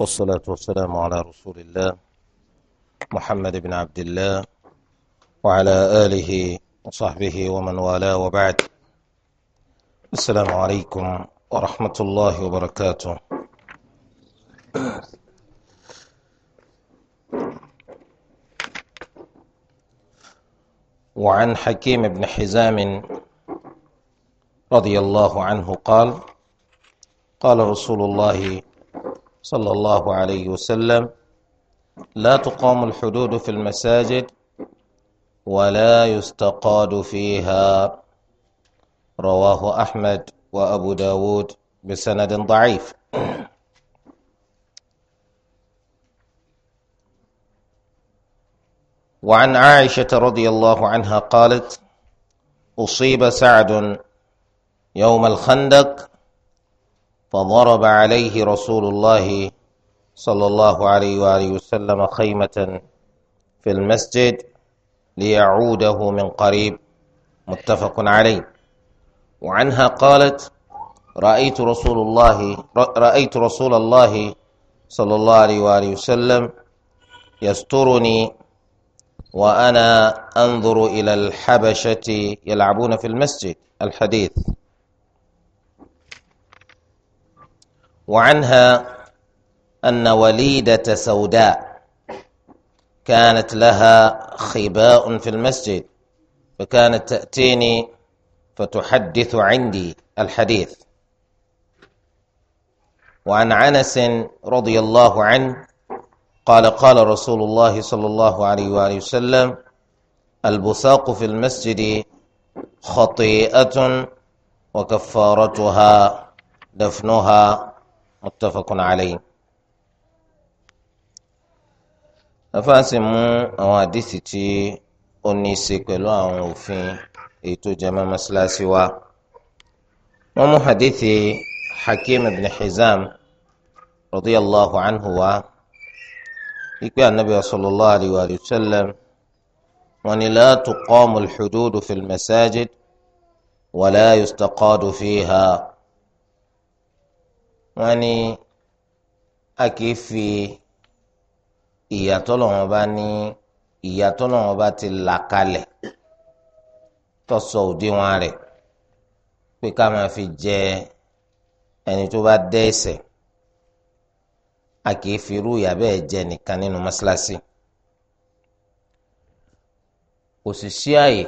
والصلاة والسلام على رسول الله محمد بن عبد الله وعلى آله وصحبه ومن والاه وبعد السلام عليكم ورحمة الله وبركاته وعن حكيم بن حزام رضي الله عنه قال قال رسول الله صلى الله عليه وسلم لا تقام الحدود في المساجد ولا يستقاد فيها رواه أحمد وأبو داود بسند ضعيف وعن عائشة رضي الله عنها قالت أصيب سعد يوم الخندق فضرب عليه رسول الله صلى الله عليه واله وسلم خيمه في المسجد ليعوده من قريب متفق عليه وعنها قالت رايت رسول الله رايت رسول الله صلى الله عليه واله وسلم يسترني وانا انظر الى الحبشه يلعبون في المسجد الحديث وعنها أن وليدة سوداء كانت لها خباء في المسجد فكانت تأتيني فتحدث عندي الحديث وعن عنس رضي الله عنه قال قال رسول الله صلى الله عليه وآله وسلم البساق في المسجد خطيئة وكفارتها دفنها muttafaqun عليه. afáàsì mú àwọn àdìsí tí ó ní í ṣe pẹ̀lú àwọn òfin èyí tó jẹ mọ́ mọ́ṣáláṣí wa. wọ́n mú àdìsí Hakim ibn Hizam radiyallahu anhu wa ikpe anabi sallallahu alayhi wa sallam wọ́n ní la tuqamu al-hududu fil masajid wa la wọ́n ní a kìí fi ìyàtọ̀ lọ́wọ́n bá ní ìyàtọ̀ lọ́wọ́n bá ti là kalẹ̀ tọ́sọ òdiwọ̀n rẹ̀ pé ká máa fi jẹ ẹni tó bá dẹ́ ẹ̀ṣẹ̀ a kìí fi irú ìyà bẹ́ẹ̀ jẹ nìkan nínú mọ́ṣáláṣí kò àyè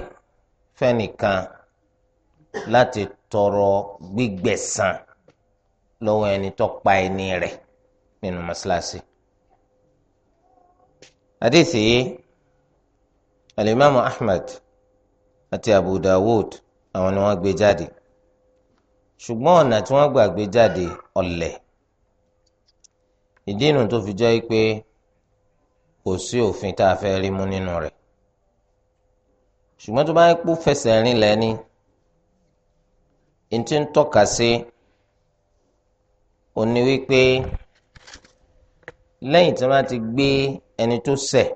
fẹ́nìkan láti tọrọ gbígbẹ̀san lọ́wọ́ ẹni tó pa ẹni rẹ̀ nínú mọ́ṣáláṣí. àdìsí yìí alimami ahmed àti abu dawud àwọn ni wọ́n gbé jáde ṣùgbọ́n ọ̀nà tí wọ́n gbà gbé jáde ọ̀lẹ̀ ìdí inú tó fi jẹ́ pé kò sí òfin tá a fẹ́ rí mú nínú rẹ̀ ṣùgbọ́n tó bá ń pò fẹsẹ̀ rìn lẹ́ni ntí ń tọ́ka sí. Si, ó ní wípé lẹ́yìn tí wọ́n ti gbé ẹni tó ṣẹ̀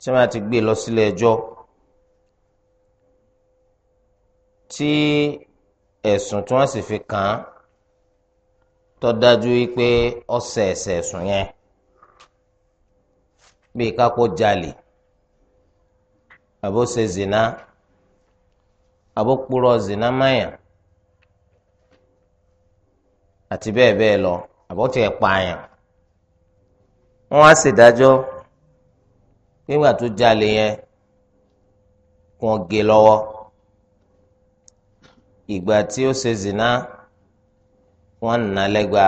tí wọ́n ti gbé e lọ sílé ẹjọ́ tí ẹ̀sùn tí wọ́n sì fi kàn án tó dájú wípé ọ̀sẹ̀ ẹ̀sẹ̀ ẹ̀sùn yẹn bíi kákó jalè àbó ṣe zina àbó kpúrọ̀ zina máyàn àti bẹ́ẹ̀ bẹ́ẹ̀ lọ àbọ̀ tiẹ̀ pààyàn wọ́n á ṣèdájọ́ nígbà tó jalè yẹn kí wọ́n gé e lọ́wọ́ ìgbà tí ó ṣe zina wọ́n nà lẹ́gba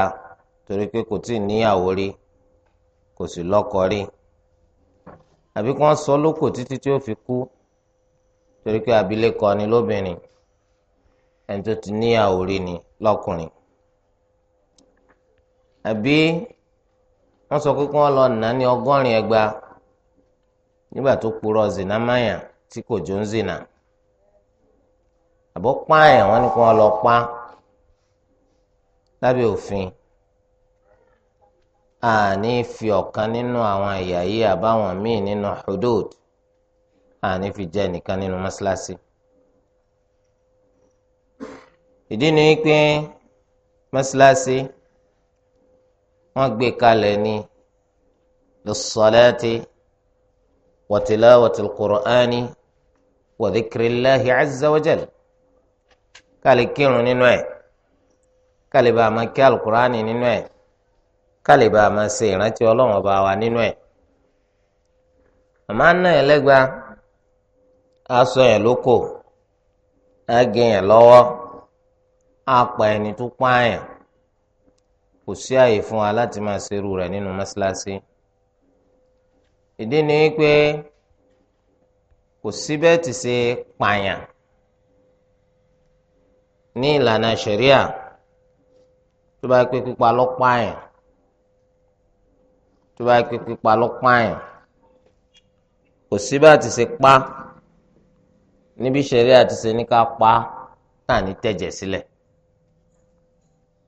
torí pé kò tí ì níyàwó rí kò sì lọ́kọ rí àbí kí wọ́n sọ lókò títí tí ó fi kú torí pé abilékọ ni lóbìnrin ẹni tó ti níyàwó rí ni lọ́kùnrin àbí wọ́n sọ pé kí wọ́n lọ nà ní ọgọ́rin ẹgba nígbà tó purọ́ zina máyà tí kò jó ń zina àbọ̀ pààyàn wọ́n ní kí wọ́n lọ pa lábẹ́ òfin àní fi ọ̀kan nínú àwọn ẹ̀yà yìí àbáwọn míì nínú hudud àní fi jẹ́ nìkan nínú mọ́ṣáláṣí. ìdí ni pé mọ́ṣáláṣí wọ́n gbé kalẹ̀ ní lissalati wa tilawati alqur'ani wa dhikrillahi azza wa jal kálí kírun nínú ẹ̀ kálí bá a máa kí alqur'ani nínú ẹ̀ kálí bá a máa ṣe ìrántí ọlọ́run ọba wa nínú ẹ̀ àmọ́ àná yẹn aṣọ yẹn lóko á yẹn lọ́wọ́ á ẹni tó pààyàn kò sí àyè fún wa láti máa ṣerú rẹ̀ nínú mọ́ṣáláṣí ìdí ni pé kò sí bẹ́ẹ̀ ti ṣe pààyàn ní ìlànà ṣẹ̀ríà tó bá pé pípa lọ́pààyàn tó bá pé pípa lọ́pààyàn kò sí bá ti ṣe pa níbi ṣẹ̀ríà ti ṣe ní ká pa tà ní tẹ̀jẹ̀ sílẹ̀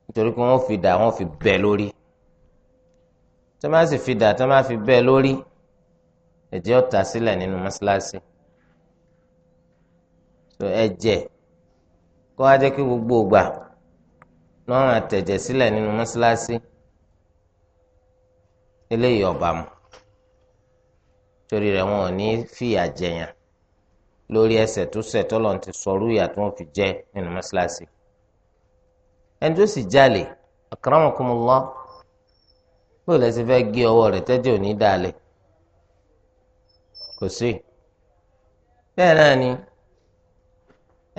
nítorí pé wọ́n fi dà wọ́n fi bẹ́ lórí tó má sì fi dà tó má fi bẹ́ lórí ẹ̀jẹ̀ ọ̀tà sílẹ̀ nínú mọ́ṣáláṣí tó ẹ̀jẹ̀ kó wá jẹ́ kí gbogbo ògbà lọ́rùn àtẹ̀jẹ̀ sílẹ̀ nínú mọ́ṣáláṣí eléyìí ọ̀bà mu torí rẹ̀ wọn ò ní fìyà jẹyàn lórí ẹsẹ̀ tó sẹ̀ tọ́lọ́run ti sọrú ìyà tó wọ́n fi jẹ nínú mọ́ṣáláṣí. ẹni tó sì jalè akramakumullah bó lẹ́sẹ̀ fẹ́ gé ọwọ́ rẹ̀ ọwọ òní dalẹ̀ kò sí bẹ́ẹ̀ náà ni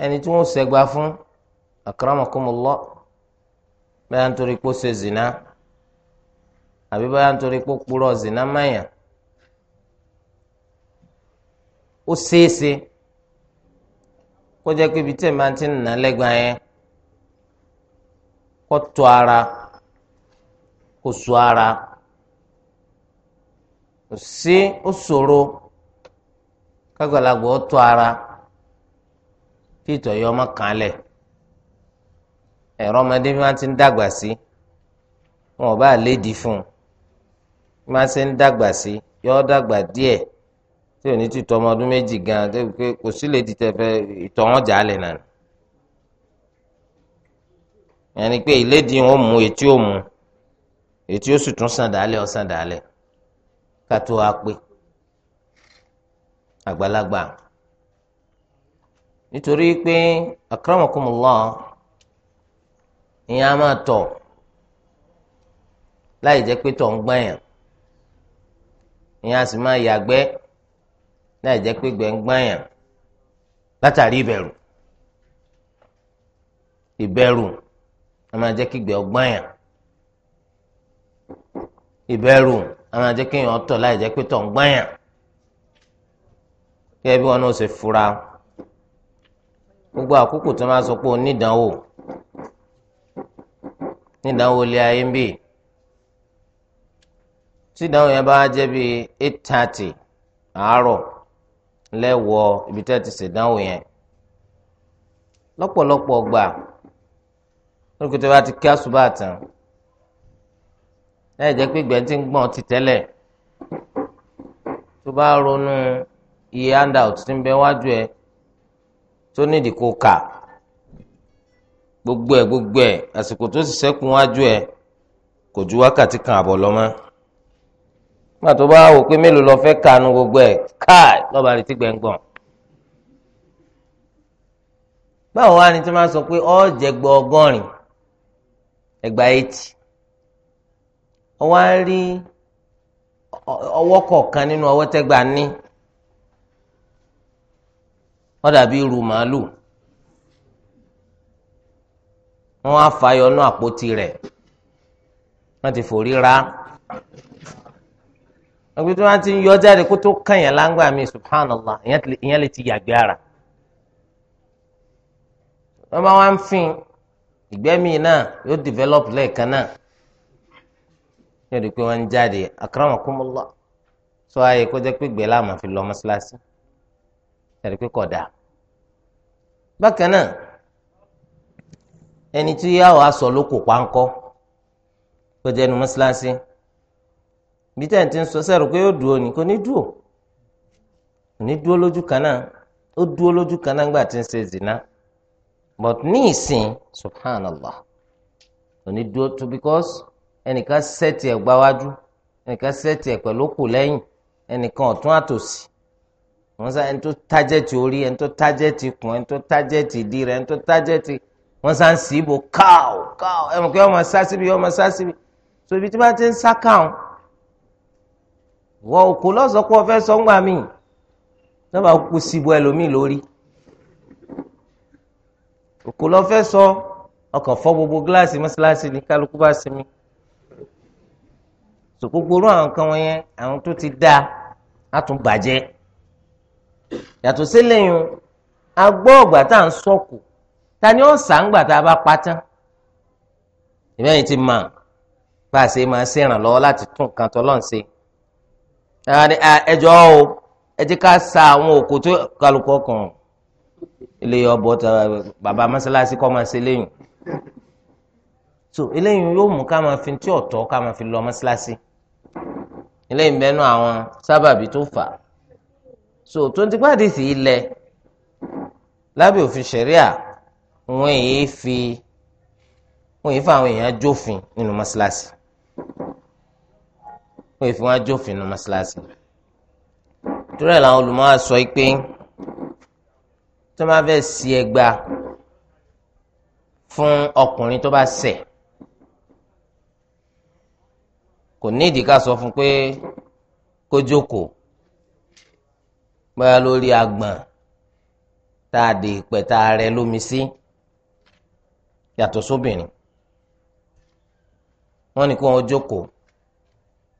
ẹni tí wọ́n sẹ́gba fún akramakumullah bẹ́ẹ̀ nítorí pé ó ṣe zina àbí bẹ́ẹ̀ nítorí pé ó zina máyà ó ṣeéṣe kó jẹ́ pé ibi tẹ̀ máa ti kó ara kó ara kò sí ó kágbàlagbà ó ara kí ìtọ̀yọ́ ọmọ kan lẹ ẹ̀rọ ọmọdé bí wọ́n ti ń dàgbà sí wọn ò bá lédi fún un bí ti ń dàgbà sí yọ dàgbà díẹ̀ tí ò ní ti tọ́ ọmọ ọdún méjì gan kò sí lè yẹnni pé ìlédìí wọn mú etí ò mú etí ó sì tún sàn dálẹ̀ ọ̀sán dálẹ̀ ká a pé àgbàlagbà nítorí pé akramakumullah ìyẹn a máa tọ̀ láì jẹ́ pé tọ̀ ń ìyẹn a sì máa láì pé ń látàrí a máa jẹ́ kí ìgbẹ́ ọgbọ́n yàn ìbẹ̀rù a máa jẹ́ kí èèyàn tọ̀ láì jẹ́ pé tọ̀ ń gbọ́n yàn kí ẹbí wọn náà ṣe fura gbogbo àkókò tó máa sọ pé o nídàánwò nídàánwò ilé ayé ń bì tí ìdánwò yẹn bá jẹ́ bíi eight thirty àárọ̀ lẹ́wọ̀ ibi tẹ́ ti ṣèdánwò yẹn lọ́pọ̀lọpọ̀ gbà lóko tó bá ti kí àṣùbà tán láì jẹ́ pé ìgbẹ́ tí ń gbọ̀n ti tẹ́lẹ̀ tó bá ronú iye handout tí ń bẹ wájú ẹ tó nídìí kó kà gbogbo ẹ gbogbo ẹ àsìkò tó sì sẹ́kùn wájú ẹ kò ju wákàtí kan àbọ̀ lọ nígbà tó bá wò pé mélòó lọ fẹ́ kanu gbogbo ẹ káì lọ́ba rẹ̀ ti gbẹ̀ngbọ̀n báwo wá ni tí wọ́n máa sọ pé ọ́ jẹ̀gbọ́ ọgọ́rin ẹgbà eighty ọwọ́ á rí ọwọ́ kọ̀ọ̀kan nínú ọwọ́ tẹ́gbà ní ó dàbí irú màálù wọ́n á fàyọ nú àpótí rẹ̀ wọ́n ti forí ra ọgbẹ́ tí wọ́n ti ń yọ jáde kó tó kàyàn láńgbà mi subhanallah ìyẹn lè ti yàgbé ara wọ́n bá wá ń fin ìgbẹ́mí náà yóò develop lẹ́ẹ̀kan náà yóò di pé wọ́n ń jáde akramakumullah sọ ayé kó jẹ́ pé gbẹ̀lá àmọ́ fi lọ mọ́ṣáláṣí yóò di pé kódà bákan náà ẹni tí yàwó aṣọ ló kó pánkọ́ tó jẹ́ nu mọ́ṣáláṣí bí tẹ̀ ń ti ń sọ sẹ́rù pé yóò dúró ni kò ní dúró kò ní dúró lójú kan náà ó dúró lójú kan náà ńgbà tí ń ṣe zina but ní ìsìn subhanallah òní do to because ẹnìkan sẹ́tì ẹ̀ gbáwájú ẹnìkan sẹ́tì ẹ̀ pẹ̀lú kù lẹ́yìn ẹnìkan ọ̀tún àtòsí wọ́n sá ẹni tó tájẹ́tì orí ẹni tó tájẹ́tì kùn ẹni tó tájẹ́tì ìdí rẹ̀ ẹni tó tájẹ́tì wọ́n sá ń sì í bò káò káò ẹ̀mọ̀ kí wọ́n sá síbi wọ́n sá síbi so ibi tí wọ́n ti ń sá káwọn wọ́n òkú lọ́sọ̀kọ́ fẹ́ sọ́ngbà míì lọ́ba kú síbo ẹlòmíì lórí òkú lọ fẹ́ sọ ọkọ̀ fọ́ gbogbo gíláàsì mọ́ṣáláṣí ní kálukú bá sinmi so gbogbo orú àwọn kan wọn yẹn àwọn tó ti dáa á tún bàjẹ́ yàtọ̀ sílẹ̀yìn a gbọ́ ọ̀gbà tá à ń sọ̀kù ta ni ó ń sàǹgbà tá a bá pa tán ìbẹ́yìn ti mọ̀ bá a ṣe máa ṣèrànlọ́wọ́ láti tún nǹkan tó lọ́n ṣe ẹjọ́ o ẹ jẹ́ ká sa àwọn òkú tó kálukọ́ kan eléyìí ọbọ bàbá mọ́sálásí kọ́ máa ṣe léyìn so eléyìí yóò mú ká máa fi tí ọ̀tọ̀ ká máa fi lọ mọ́sálásí eléyìí bẹ́ẹ̀ nú àwọn sábàbí tó fà á so tó ń tipa dì sí ilẹ̀ lábẹ́ òfin ṣẹ̀ríà wọ́n èyí fi wọ́n èyí fa àwọn èèyàn jófin nínú mọ́sálásí wọ́n èyí fi wọ́n jófin nínú mọ́sálásí torí ẹ̀ làwọn olùmọ̀ àṣọ yìí pé tó máa fẹ́ sí ẹgba fún ọkùnrin tó bá ṣẹ̀ kò ní ìdí ká sọ fún pé kó jókòó báyà lórí agbọ̀n tá a dè pẹ̀ rẹ lómi sí yàtọ̀ sóbìnrin wọ́n ní kí wọ́n jókòó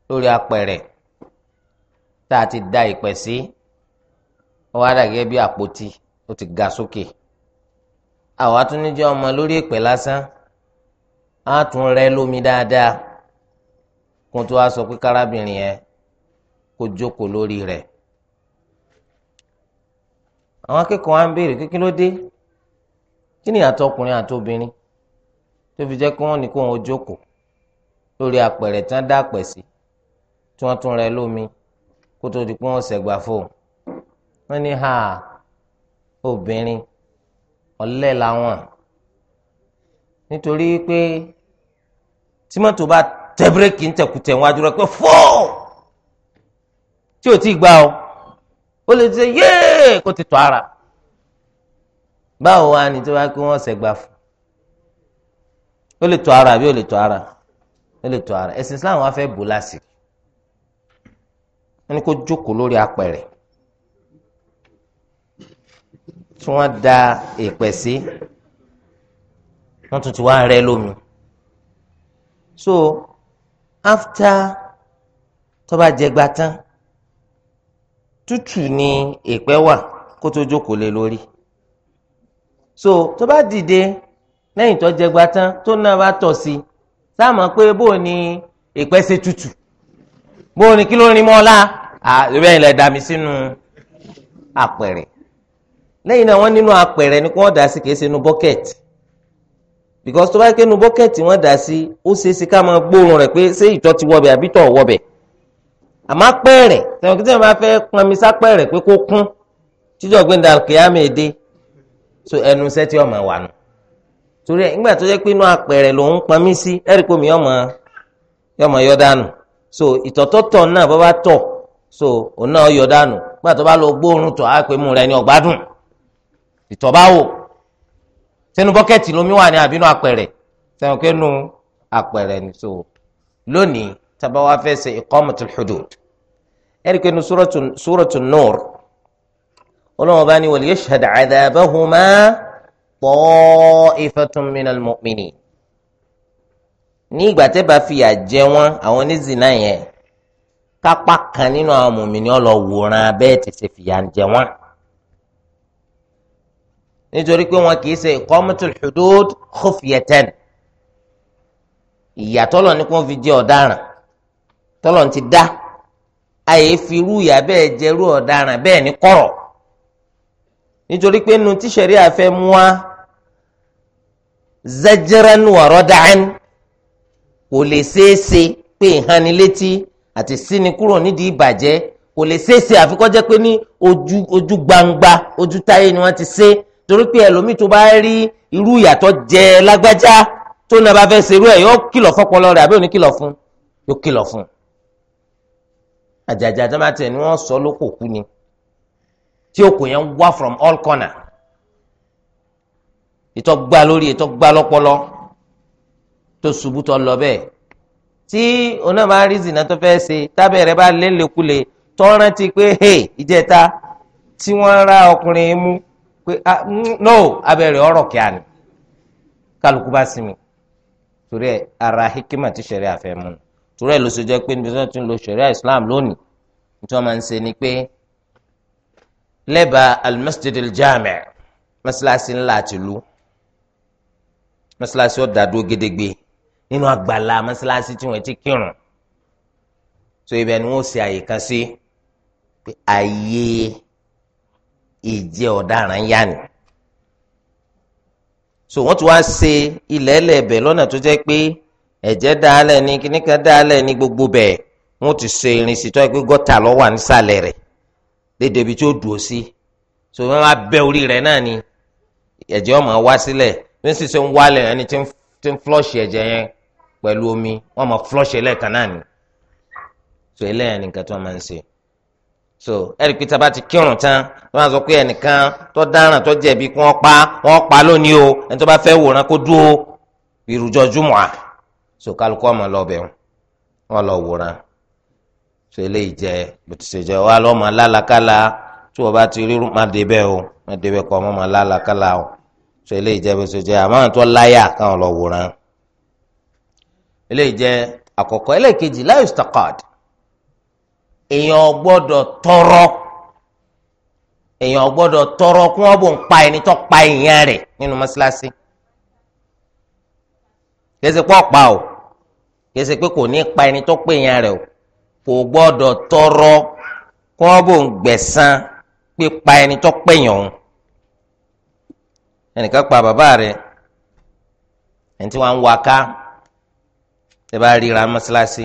lórí apẹ̀rẹ̀ tá a ti da ìpẹ̀ sí wọ́n wá dà bí àpótí ó ti ga sókè àwa tún ní jẹ́ ọmọ lórí ìpè lásán á tún rẹ lómi dáadáa kó tó wá sọ pé kárábìnrin yẹn kó jókòó lórí rẹ̀ àwọn akẹ́kọ̀ọ́ wa ń béèrè kékeré ló dé kí ni àtọ ọkùnrin àti obìnrin tó fi jẹ́ kí wọ́n ní kó wọn jókòó lórí apẹ̀rẹ̀ tí wọ́n dá apẹ̀ sí tí wọ́n tún rẹ lómi kó tó di pé wọ́n ṣẹ̀gbà fóun wọ́n ní ha obìnrin ọ̀lẹ làwọn nítorí pé tí mọ́tò bá tẹ bírèkì ńtẹ̀kùtẹ̀ wájú rẹ pé fọ́ọ̀ tí ò tí gbà ọ ó lè ṣe yéè kó ti tọ́ ara báwo wá ni tí wọ́n á kí wọ́n ṣẹ̀gbà fún ó lè tọ́ ara àbí ó lè tọ́ ara ó lè tọ́ ara ẹ̀sìn Islam wá fẹ́ bò lásìkò wọn ni kó jókòó lórí apẹ̀rẹ̀ tí wọ́n da èèpẹ̀ sí wọ́n tún ti wá rẹ lómi so after tó bá jẹ gba tán tútù ni èèpẹ̀ wà kó tó jókòó lé lórí so tó bá dìde lẹ́yìn tó jẹ gba tán tó náà bá tọ̀ sí sáà pé bó ni èèpẹ̀ ṣe tútù bó ni kí ló rin mọ́ ọ́ la àbẹ̀yìn lẹ̀ dàmí sínú àpẹẹrẹ lẹ́yìn náà wọ́n nínú apẹ̀rẹ̀ ni kí wọ́n dà sí kìí ṣe inú bọ́kẹ̀tì because tó bá ké inú bọ́kẹ̀tì wọ́n dà sí ó ṣe é ṣe ká máa gbóòórùn rẹ̀ pé ṣé ti wọbẹ̀ àbí tọ̀ wọbẹ̀ àmọ́ apẹ̀rẹ̀ tẹ̀wọ̀n tẹ̀wọ̀n fẹ́ sápẹ̀rẹ̀ pé kó kún tíjọ́ gbẹ̀ndà so ẹnu iṣẹ́ tí ọmọ wà nù torí ẹ̀ nígbà tó ìtọ̀báwò sínú bọ́kẹ́tì lómi wà ní àbínú apẹ̀rẹ̀ sẹ́wọ̀n pé nu apẹ̀rẹ̀ ni so lónìí tábà wá fẹ́ ṣe iqamatul hudud ẹ̀rí pé nu suratul nur ọlọ́wọ́n bá ní wal yashhad adhabahuma ta'ifatun minal mu'minin ní ìgbà tẹ́ bá fìyà jẹ wọ́n àwọn onízìnnà yẹn kápá kan nínú àwọn mùmíní ọlọ́wòrán abẹ́ẹ̀ tẹ̀sẹ̀ fìyà jẹ wọ́n nítorí pé wọn kì í ṣe iqamatul hudud khufyatan ìyà tọ́lọ̀ ní kí wọ́n fi jẹ ọ̀daràn tọ́lọ̀ ti dá àyè firú ìyà bẹ́ẹ̀ jẹrú ọ̀daràn bẹ́ẹ̀ ní kọ̀rọ̀ nítorí pé nu tíṣẹ̀rí àfẹ́ mú wa zajran wa rad'an kò lè ṣeé ṣe pé ìhánilétí àti síni kúrò nídìí ìbàjẹ́ kò lè ṣeé àfikọ́jẹ́ pé ní ojú gbangba ojú táyé ni wọ́n ti ṣe torí pé ẹlòmíì tó bá rí irú ìyàtọ̀ jẹ lágbájá tó náà bá fẹ́ ṣerú ẹ̀ yóò kìlọ̀ fọ́pọlọ rẹ̀ àbí òní kìlọ̀ fún yóò kìlọ̀ fún àjàjà tó máa ni wọ́n sọ lóko kú ni tí òkú yẹn wá from all corner ìtọ́ gbá lórí ìtọ́ gbá lọ́pọlọ tó ṣubú tó lọ bẹ́ẹ̀ tí oná bá rí zina tó fẹ́ ṣe tábẹ́ rẹ bá lélekule tó rántí pé ìjẹta tí wọ́n ra ọkùnrin mú pé ah, mm, no abẹ́rẹ́ ọ̀rọ̀ kíá ni kálukú bá sinmi torí ẹ ara hikima ti ṣẹ̀ríà fẹ́ mú un torí ẹ ló ṣe jẹ́ pé níbi tí wọ́n ti ń lo ṣẹ̀ríà Islam lónìí tí wọ́n máa ń ṣe ni pé lẹ́bàá almasjid aljami mọ́sálásí ńlá àtìlú mọ́sálásí ọ̀dàdúró gédégbé nínú àgbàlá mọ́sálásí tí wọ́n ti kírun so ibẹ̀ ni wọ́n ṣe àyè kan sí pé àyè ìjẹ́ ọ̀daràn yá ni so wọ́n ti wá ṣe ilẹ̀ ẹlẹ́bẹ̀ lọ́nà tó jẹ́ pé ẹ̀jẹ̀ dáálẹ̀ ni kíníkan dáálẹ̀ ni gbogbo bẹ̀ wọ́n ti ṣe irin sí tó yẹ pé gọ́tà ló wà nísàlẹ̀ rẹ̀ dédé ibi tí ó dùn ó sí so wọ́n máa bẹ́ orí rẹ̀ náà ni ẹ̀jẹ̀ ọmọ wá sílẹ̀ bí wọ́n sì ṣe ń wálẹ̀ ẹni tí ń flọ́ọ̀ṣì ẹ̀jẹ̀ yẹn pẹ̀lú omi wọ́n máa flọ́ọ̀ṣì ẹlẹ́ẹ̀kan náà ni so eléyàn ni tí wọ́n máa ń ṣe so ẹ̀rí pé tá a bá ti kírun tán wọ́n á sọ pé ẹnìkan tó dáràn tó jẹ̀bi kí wọ́n pa wọ́n pa lónìí o ẹni tó bá fẹ́ wòran kó dúró ìrùjọ júmọ̀ à so kálukú ọmọ lọ bẹ̀ lọ wòran so eléyìí jẹ bùtùsẹ̀jẹ̀ wa lọ́mọ alálàkálà tí wọ́n bá ti rí má débẹ̀ o má débẹ̀ kọ́ ọmọ alálàkálà o so eléyìí jẹ bùtùsẹ̀jẹ̀ àmọ́ àwọn tó láyà káwọn lọ wòran eléyìí jẹ àkọ́kọ́ eléyìí kejì láyùsítàkàdì èèyàn gbọ́dọ̀ tọrọ èèyàn gbọ́dọ̀ tọrọ kí wọ́n bò ń pa ẹni tó pa èèyàn rẹ̀ nínú mọ́ṣáláṣí kèsì pọ̀ pa o kèsì pé kò ní pa ẹni tó pa èèyàn rẹ̀ o kò gbọ́dọ̀ tọrọ kí wọ́n bò ń gbẹ̀san pípa ẹni tó pa èèyàn òun ẹnìkan pa bàbá rẹ̀ ẹni tí wọ́n ń wa ká ẹ bá ríra mọ́ṣáláṣí.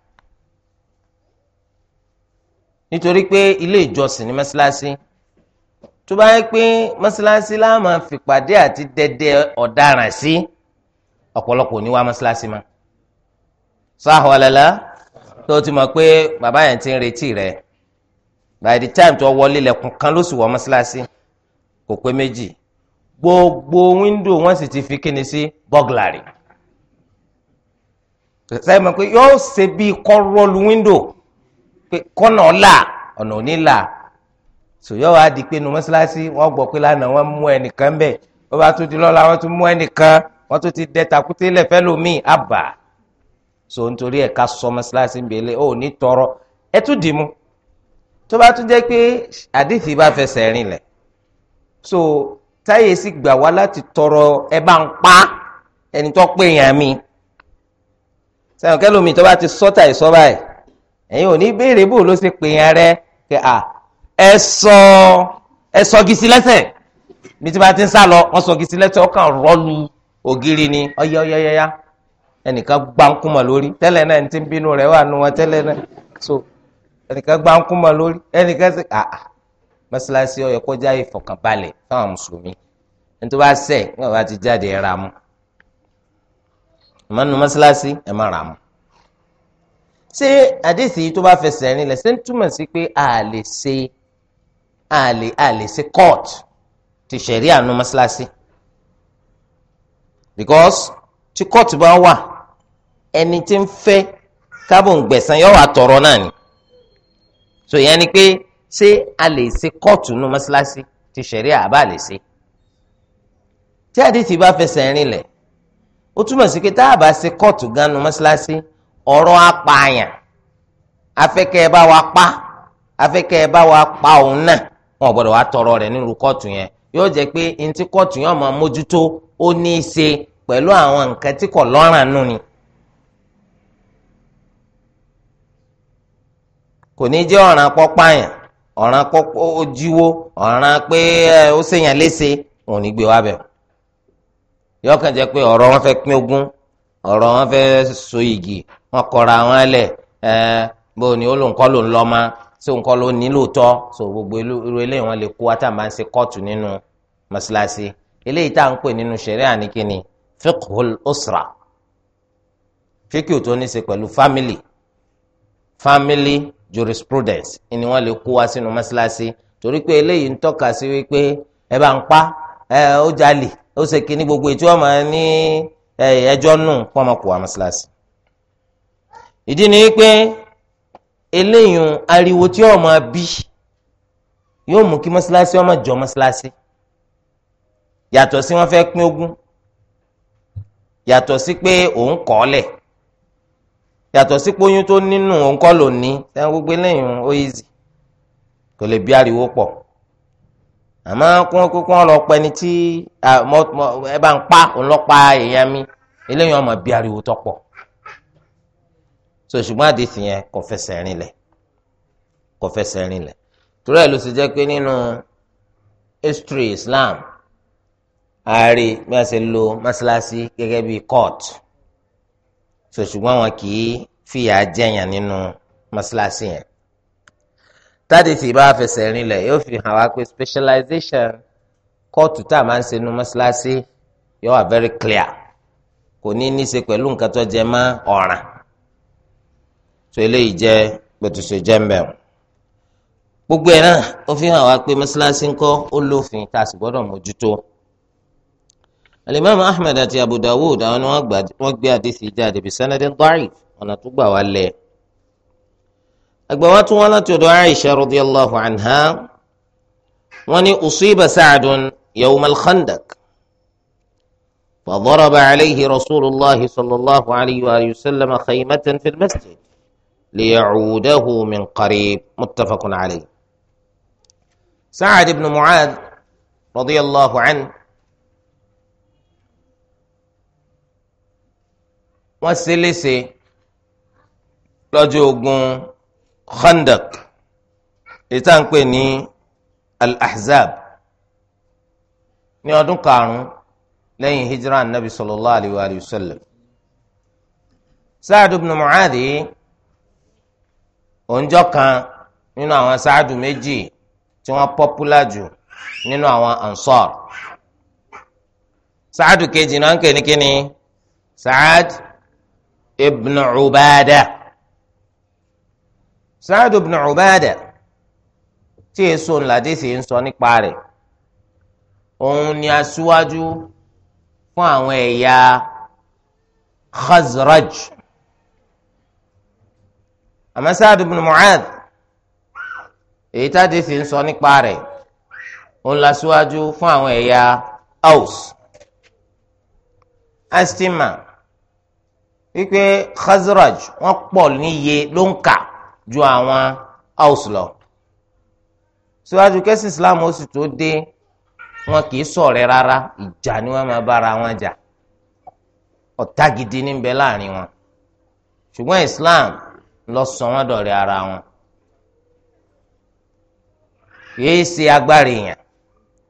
nítorí pé ilé ìjọsìn ní mọ́sálásí tó bá yẹ pé mọ́sálásí la máa fìpàdé àti dẹdẹ ọ̀daràn sí ọ̀pọ̀lọpọ̀ ní wá mọ́sálásí ma sáhùn ọ̀lẹ́lá tó ti mọ̀ pé bàbá yẹn ti ń retí rẹ̀ by the time tó wọlé lẹ́kùn kan ló sì wọ mọ́sálásí kò pé méjì gbogbo wíńdò wọ́n sì ti fi kíni sí bọ́gláàrì sẹ́yìn mọ̀ pé yóò ṣe bí kọ́ rọ́ọ̀lù wíńdò pé kọ́nà ọ̀la ọ̀nà òní là sòyọ́ wa di pé nu mọ́ṣáláṣí wọ́n gbọ́ pé lánàá wọ́n mú ẹnìkan bẹ́ẹ̀ wọ́n bá tún di lọ́la wọ́n tún mú ẹnìkan wọ́n tún ti dẹ takùté lẹ́fẹ́ lómi àbà so nítorí ẹ̀ ká sọ mọ́ṣáláṣí ń bèlè ó ní tọrọ ẹ tún dì mú tó bá tún jẹ́ pé àdìsí bá fẹsẹ̀ rìn lẹ̀ so táyé sì gbà wá láti tọrọ ẹ bá ń pa ẹni tó pè yàn mí sẹ́wọ̀n kẹ́lómi tó bá ti sọ́tà ìsọ́ báyìí ẹ̀yin ò ní béèrè bó ló ṣe pè yẹn rẹ pé à ẹ sọ ẹ sọ gisi lẹ́sẹ̀ bí tí bá ti ń sá lọ wọ́n sọ gisi lẹ́sẹ̀ ọkàn rọ́ọ̀lù ògiri ni ọ̀yọ́yọ́yọ́yá ẹnìkan gbáǹkúmọ̀ lórí tẹ́lẹ̀ náà ti ń bínú rẹ̀ wà nù wọn tẹ́lẹ̀ náà so ẹnìkan gbáǹkúmọ̀ lórí ẹnìkan sì àà mọ́ṣáláṣí ó yẹ kó jẹ́ ìfọ̀kànbalẹ̀ fáwọn mùsùlùmí ẹni tó bá ṣẹ̀ ńgbà bá ti jáde ẹ̀ ra mu ṣé àdéhìí tó bá fẹsẹ̀ rinlẹ̀ ṣé ń túmọ̀ sí pé a lè ṣe a lè a lè ṣe court ti ṣẹ̀rí àánú mọ́ṣáláṣí because tí court bá wà ẹni tí ń fẹ́ kábò ń gbẹ̀san yóò wá tọrọ náà ni so ìyẹn ni pé ṣé a lè ṣe court nu mọ́ṣáláṣí ti ṣẹ̀rí àbá lè ṣe tí àdéhìí bá fẹsẹ̀ rinlẹ̀ ó túmọ̀ sí pé tá a bá ṣe court gan nu mọ́ṣáláṣí ọ̀rọ̀ apààyàn afẹ́kẹ́ ẹ bá wa pa afẹ́kẹ́ ẹ bá wa pa òun náà wọn ò gbọ́dọ̀ wá tọrọ rẹ̀ nínú kóòtù yẹn yóò jẹ́ pé ntí kóòtù yẹn máa mójútó ó ní í ṣe pẹ̀lú àwọn nǹkan tí kò lọ́ràn nù ni. kò ní jẹ́ ọ̀ràn pọ́páyàn ọ̀ràn pọ́pọ́ ó jíwó ọ̀ràn pé ó ṣèyàn léṣe wọn ò ní gbé wá bẹ̀. yọkàn jẹ́ pé ọ̀rọ̀ wọn fẹ́ pín ogún ọ̀rọ̀ wọn fẹ́ so igi wọn kọra wọn lẹ ẹ bó ni ó ló ń kọ́ ló ń lọ ma so nǹkan ló ní lóòótọ́ so gbogbo irú eléyìí wọn lè kó wa tá a máa ń ṣe kóòtù nínú mọ́ṣáláṣí eléyìí tá à ń pè nínú ṣẹ̀ríà ní kíni fiqhul usra fíkì tó ní ṣe pẹ̀lú family family jurisprudence ni wọ́n lè kó wa sínú mọ́ṣáláṣí torí pé eléyìí ń tọ́ka sí wípé ẹ bá ń pa ẹ ó jalè ó ṣe kíní gbogbo ètò ọmọ ní ẹjọ́ nù pọ́nmọ́kù wa mọ́ṣáláṣí. ìdí ni pé eléyìí ariwo tí ó máa bí yóò mú kí mọ́ṣáláṣí ó máa jọ mọ́ṣáláṣí yàtọ̀ sí wọ́n fẹ́ pín ogún yàtọ̀ sí pé òun kọ́ lẹ̀ yàtọ̀ sí pé oyún tó nínú òun kọ́ ló ní ẹ̀ gbogbo eléyìí ó easy kò lè bí ariwo pọ̀ àmọ́ kún kún lọ pẹ́ ni tí ẹ bá ń pa òun lọ́ pa èèyàn mi eléyìí ó máa bí ariwo tó pọ̀ so ṣùgbọ́n àdìsí yẹn kò fẹsẹ̀ rinlẹ̀ kò fẹsẹ̀ rinlẹ̀ torí ẹ̀ ló ṣe jẹ́ pé nínú history Islam ààrẹ bí a ṣe lo mọ́ṣáláṣí gẹ́gẹ́ bí court so ṣùgbọ́n wọn kì í fìyà jẹyàn nínú mọ́ṣáláṣí yẹn táàdì tí bá fẹsẹ̀ rinlẹ̀ yóò fi hàn wá pé specialization court tá a máa ń ṣe nínú mọ́ṣáláṣí yóò wà very clear kò ní ní í ṣe pẹ̀lú nǹkan tó jẹ mọ́ ọ̀ràn tó yìí jẹ́ gbẹ̀tùsọ̀ jẹ́mbẹ̀ gbogbo ẹ̀ náà ó fi hàn wá pé mọ́sálásí ńkọ́ ó lófin tá a sì gbọ́dọ̀ mójútó alimami ahmed àti abu dawud àwọn ni wọ́n gbé àdìsí jáde bí sanadin da'if ọ̀nà tó gbà wá lẹ̀ ẹgbẹ́ wa le agbawo wa láti ọ̀dọ̀ aisha radiyallahu anha wọ́n ní usiba sa'dun yawm al-khandaq فضرب عليه رسول الله صلى الله عليه وآله وسلم خيمة في المسجد ليعوده من قريب متفق عليه سعد بن معاذ رضي الله عنه وسلسي لجوغون خندق لتنقيني الأحزاب نيودون كارون لين هجران النبي صلى الله عليه وآله وسلم سعد بن معاذ òǹjọ́ kan nínú àwọn sáàdù méjì tí wọ́n pọ́pùlà jù nínú àwọn ansar sáàdù kejì náà ń pè ní kíni sáàd ibn Ubada sáàd ibn Ubada tí èso ńláàdìsí ń sọ nípa rẹ̀ òun ni aṣíwájú fún àwọn ẹ̀yà Khazraj àmọ́ Sa'ad ibn Mu'adh èyí táde sì ń sọ nípa rẹ̀ òun la síwájú fún àwọn ẹ̀yà Aus astima wípé Khazraj wọ́n pọ̀ níye ló ń kà ju àwọn Aus lọ síwájú kẹ́sì Islam ó sì tó dé wọn kì í ṣọ̀rẹ́ rárá ìjà ni wọ́n máa bára wọn jà ọ̀tá gidi níbẹ̀ láàrin wọn ṣùgbọ́n Islam lọ́sọ̀wọ́dọ̀rẹ́ ara wọn kìí ṣe agbára èèyàn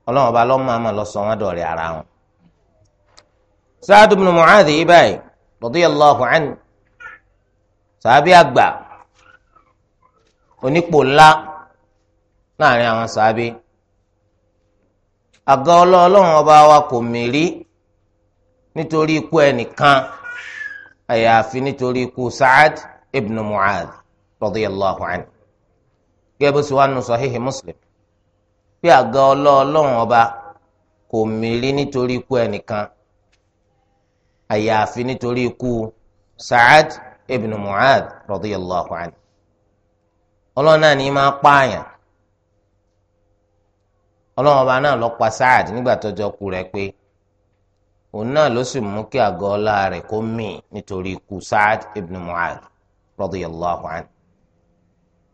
ọlọ́run ọba lọ́mọ àmọ́ lọ́sọ̀wọ́dọ̀rẹ́ ara wọn. Sa'ad ibn Mu'adh ibàyí radiyallahu anhu sàábì àgbà onípò ńlá láàrin àwọn sàábì àga ọlọ́run ọba wa kò mìírí nítorí ikú ẹnìkan àyàfi nítorí ikú Sa'ad ibn mu'adh radiyallahu anhu gẹ́gẹ́ bó ṣe wà nù sahihi muslim pé àga ọlọ́ọ̀lọ́run ọba kò mìírí nítorí ikú ẹnìkan àyàfi nítorí ikú sa'ad ibn mu'adh radiyallahu anhu ọlọ́run náà ní máa pààyàn ọlọ́run ọba náà lọ pa sa'ad nígbà tọ́jọ́ ku rẹ̀ pé òun náà ló sì mú kí àgọ́ ọlá rẹ̀ kó mì nítorí ikú sa'ad ibn mu'adh radiyallahu anhu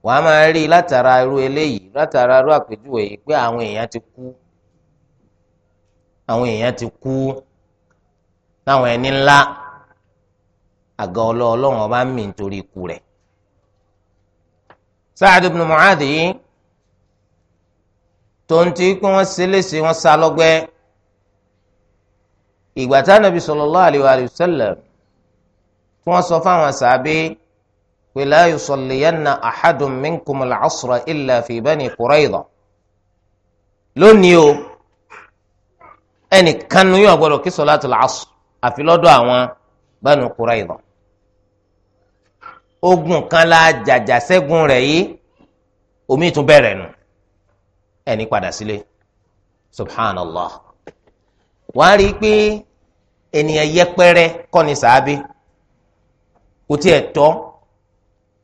wà á máa rí i látara irú eléyìí látara irú àpèjúwe yìí pé àwọn èèyàn ti kú àwọn èèyàn ti kú táwọn ẹni ńlá àga ọlọ́ọ̀lọ́wọ́n ọba ń mì nítorí ikú rẹ̀ Sa'ad ibn Mu'adh yìí tonti kí wọ́n ṣe léṣe wọ́n sá lọ́gbẹ́ ìgbà tá nàbí sallallahu alaihi wa sallam tí wọ́n sọ fáwọn sàbẹ́ pé la yusalliyanna ahadun minkumul asra illa fi bani Qurayza lónìí o ẹnìkan nu yóò gbọ́dọ̀ kí salatul asr àfi lọ́dọ̀ àwọn bani Qurayza ogun kan la jàjà ṣẹ́gun rẹ̀ yìí omi tún bẹ̀rẹ̀ nù ẹni padà sílé subhanallah wàá rí i pé ènìyàn yẹpẹrẹ kọ́ sàábí kò tiẹ̀ tọ́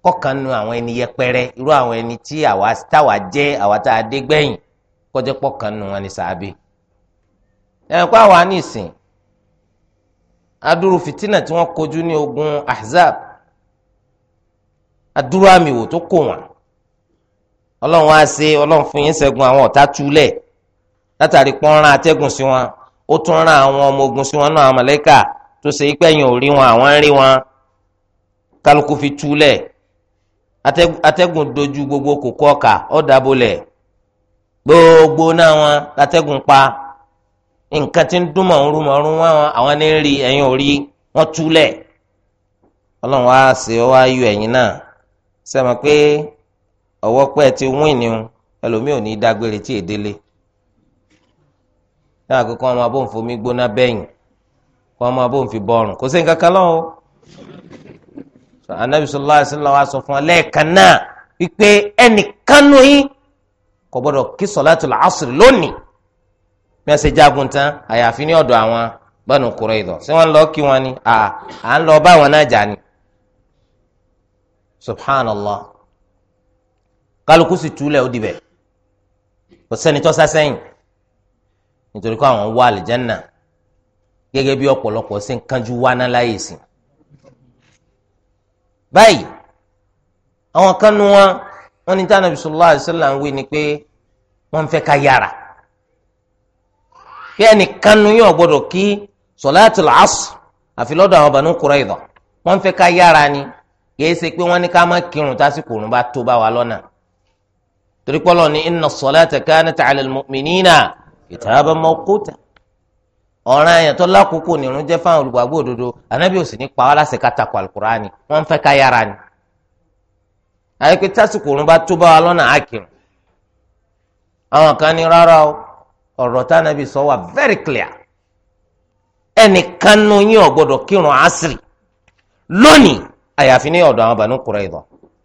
kọkàn nu àwọn ẹni yẹpẹrẹ irú àwọn ẹni tí àwa táwa jẹ àwa tá a dé gbẹ̀yìn kọjá pọkàn nu wọn ni sàábì ẹnìkọ àwa ní ìsìn adúrú fìtínà tí wọ́n kojú ní ogun ahzab adúrú àmì wò tó kò wọn ọlọrun á ṣe ọlọrun fún yín ṣẹ́gun àwọn ọ̀tá túlẹ̀ látàrí pọ́nrán atẹ́gùn sí wọn ó tún ran àwọn ọmọ ogun sí wọn náà àwọn mọ̀lẹ́kà tó ṣe pé ò rí wọn àwọn ń rí wọn kálukú fi túlẹ̀ atẹ́gùn dojú gbogbo kòkó ọkà ọ̀dàbọ̀lẹ̀ gbogbo náà wọn látẹ́gùn pa nǹkan tí ń dún mọ̀ọ́rún mọ̀ọ́rún wọn àwọn ní rí ẹ̀yìn orí wọn túlẹ̀ ọlọ́run wá sí ọ wá yọ ẹ̀yìn pé ọwọ́ pẹ́ ti wín ni ẹlòmíì ò ní dágbére tí náà gbóná bẹ́yìn anabi sallallahu alaihi wasallam wa sọ fún ọ lẹ́ẹ̀kan náà wípé ẹnìkan nù yín kò gbọ́dọ̀ kí sọlátul asr lónìí bí wọ́n ṣe jagun tán àyàfi ní ọ̀dọ̀ àwọn Banu Qurayza ṣé wọ́n lọ kí wọn ni à ń lọ bá wọn náà jà ni subhanallah kálukú sì túlẹ̀ ó dibẹ̀ kò sẹ́ni tó sá sẹ́yìn nítorí kó àwọn wá àlìjánná gẹ́gẹ́ bí ọ̀pọ̀lọpọ̀ ṣe ń kánjú wá náà láyè báyìí àwọn kan nu wọn wọn ní tànàbí sallallahu alaihi wasallam ń wí ni pé wọn fẹ́ ká yára kí ẹnìkan nu yóò gbọ́dọ̀ kí salatul asr àfi lọ́dọ̀ àwọn Banu Qurayza wọn fẹ́ ká yára ni kìí ṣe pé wọn ní ká má kírun tásìkò òrùn bá tó bá wa lọ́nà torí pọlọ ní inna as-salata kanat 'ala al-mu'minina kitaban ọ̀ràn àyàn tó lákòókò nìrún jẹ́ fáwọn olùgbàgbọ́ òdodo ànábì ò sì ní pa wá ká takò alukurani wọ́n ń fẹ́ ká yára ni. àyíké tásìkò bá tó bá wa lọ́nà àkìrùn àwọn kan ní rárá o ọ̀rọ̀ tánàbì sọ wà very clear ẹnìkan nu yín kírun àásìrì lónìí àyàfi ní ọ̀dọ̀ àwọn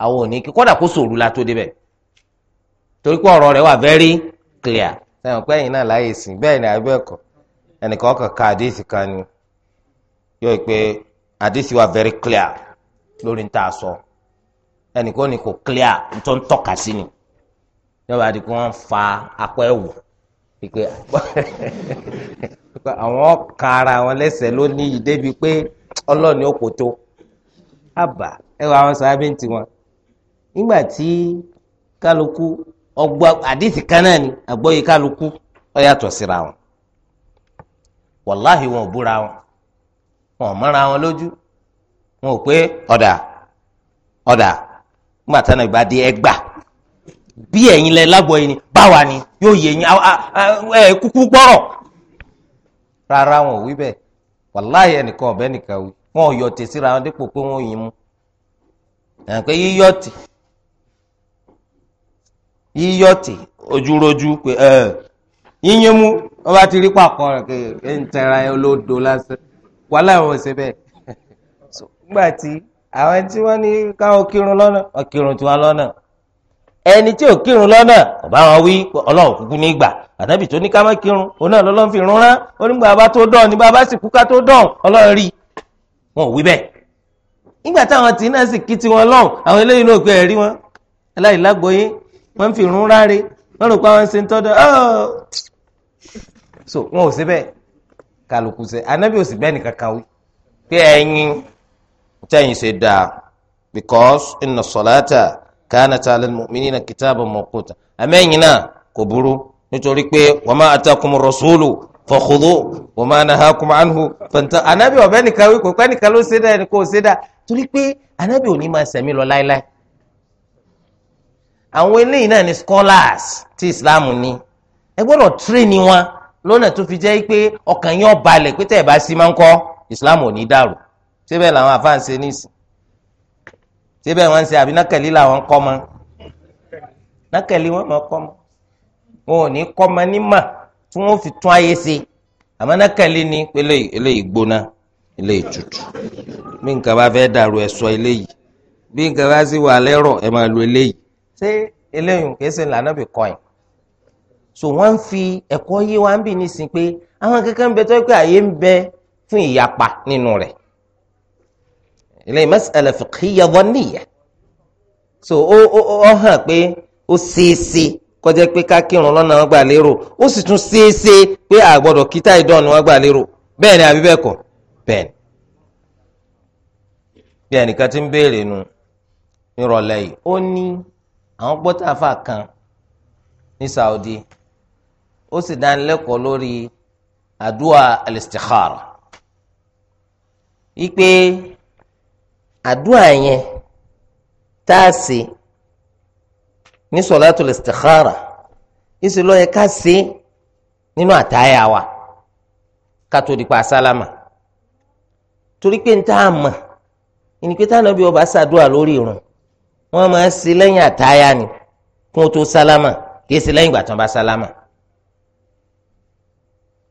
àwọn òní kí kó sòrú la rẹ̀ wà very clear náà láyè sìn bẹ́ẹ̀ ni ẹnìkan kan ka àdéhìsì kan ni yóò pé àdéhìsì wa very clear lórí ń tà sọ ẹnìkan ni kò clear tó ń ni yóò bá di fa apẹ́ wò pípé àwọn kan ara wọn lẹ́sẹ̀ ló débi pé ọlọ́ọ̀ni ó kò tó àbá ẹ àwọn sábẹ́ ọgbọ tiwọn nígbà tí kálukú àdéhìsì kan náà wàláhì wọn ò búra wọn wọn ò mọ́ra wọn lójú wọn ò pé ọ̀dà ọ̀dà nígbà tánà ìgbà dé ẹgbà bí ẹ̀yin lẹ lágbo ẹni báwa ni yóò yẹ ẹ̀yin ẹ kúkú gbọ́rọ̀ rárá wọn ò wí bẹ́ẹ̀ wàláhì ẹnìkan ọ̀bẹ nìkan wí wọn ò yọ̀tì síra wọn dípò pé wọn ò yín mu ẹ̀ pé yíyọ̀tì yíyọ̀tì ojúrojú pé ẹ̀ẹ́. yíyan mú wọn bá ti rí pàkọ rẹ kẹ ẹ ń tẹra ẹ olódo lásán wà láwọn ọ̀sẹ̀ bẹ́ẹ̀ nígbà tí àwọn tí wọ́n ní káwọn kírun lọ́nà ọkírun tiwa lọ́nà ẹni tí ò kírun lọ́nà ọba wọn wí ọlọ́run kúkú ní ìgbà àtàbí tó ní ká má kírun òun náà lọ́lọ́run fi rún onígbà bá tó dán nígbà bá sì kú ká tó dán ọlọ́run rí wọn ò wí bẹ́ẹ̀ nígbà táwọn tí náà sì kí tiwọn lọ́hùn àwọn eléyìí náà gbé ẹ̀rí wọn aláìlágbóyé wọ́n fi rún ráre wọ́n rò pé àwọn ṣe ń tọ́jú oh! so wọn ò sí bẹ́ẹ̀ kálukú ṣe anábì ò sí bẹ́ẹ̀ nìkan kan wí pé ẹ̀yin tẹ̀yin ṣe dáa because inna salata kanat alal na kitaban mawquta àmẹ́yìn náà kò burú nítorí pé wa ma atakumur rasulu fọ̀kúdó wọ́n máa na ha kuma anhu fẹ̀ntàn anábì ọ̀bẹ nìkan wí kò pẹ́ nìkan ló ṣe dáa ẹnì kò ṣe dáa torí pé anábì ò ní máa sẹ̀mí lọ láéláé àwọn eléyìí náà ni scholars ti islam ni ẹ gbọ́dọ̀ tírínì wọn lọ́nà tó fi jẹ́ pé ọkàn yẹn balẹ̀ pé tẹ́ ẹ bá sí máa ń kọ́ islam ò ní dàrú síbẹ̀ làwọn àfáànṣe nísìn síbẹ̀ wọ́n ń ṣe àbí nákẹ́lí làwọn kọ́ mọ́ nákẹ́lí wọ́n máa kọ́ mọ́ wọn ò ní kọ́ mọ́ nímọ̀ tí wọ́n fi tún ayé ṣe àmọ́ nákẹ́lí ni pé eléyìí gbóná eléyìí tútù bí nǹkan bá fẹ́ dàrú ẹ̀ sọ eléyìí bí nǹkan bá sì wà lẹ́rọ̀ ẹ̀ máa lo eléyìí ṣé eléyìí kìí ṣe lànàbì kọyìn so wọ́n ń fi ẹ̀kọ́ yé wa ń bì nísìn pé àwọn kankan ń bẹ tó pé àyè ń bẹ fún ìyapa nínú rẹ̀ eléyìí so ó ó hàn pé ó kọjá pé ká lọ́nà wọn gbà lérò tún ṣeéṣe pé àgbọ̀dọ̀ kíta wọn gbà lérò bẹ́ẹ̀ ni àbí bẹ́ẹ̀ bẹ́ẹ̀ ni bí ẹnìkan ti ń béèrè nu àwọn gbọ́tàfà kan ní Saudi ó sì dánilẹ́kọ̀ọ́ lórí àdúrà alistikhara wípé àdúrà yẹn tá a ṣe ní sọ̀látù alistikhara ìṣe ló yẹ ká ṣe nínú àtàyà wa ká tó di pa sálámà torí pé n tá mọ̀ ìní pé táwọn ọba ṣàdúrà lórí irun wọ́n máa ń ṣe lẹ́yìn àtáyà ni kún tó sálámà kìí ṣe lẹ́yìn ìgbà tí wọ́n bá sálámà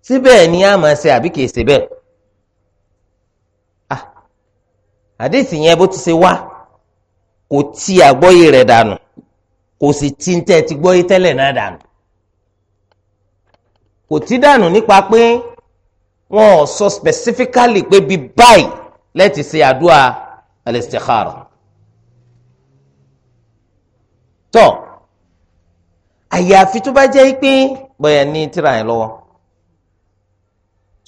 síbẹ̀ ni a máa ṣe àbí kìí ṣe bẹ́ẹ̀ àdéhìsì ah, yẹn bó ti ṣe wá kò ti àgbọ́yé rẹ̀ dànù kò sì ti ń tẹ́ ti gbọ́yé tẹ́lẹ̀ náà dànù kò ti dànù nípa pé wọ́n sọ specifically pé bíi báyìí lẹ́tì ṣe àdúrà al-istikhara tọ́ àyàfi tó bá jẹ́ pé bóyá ní tíra yẹn lọ́wọ́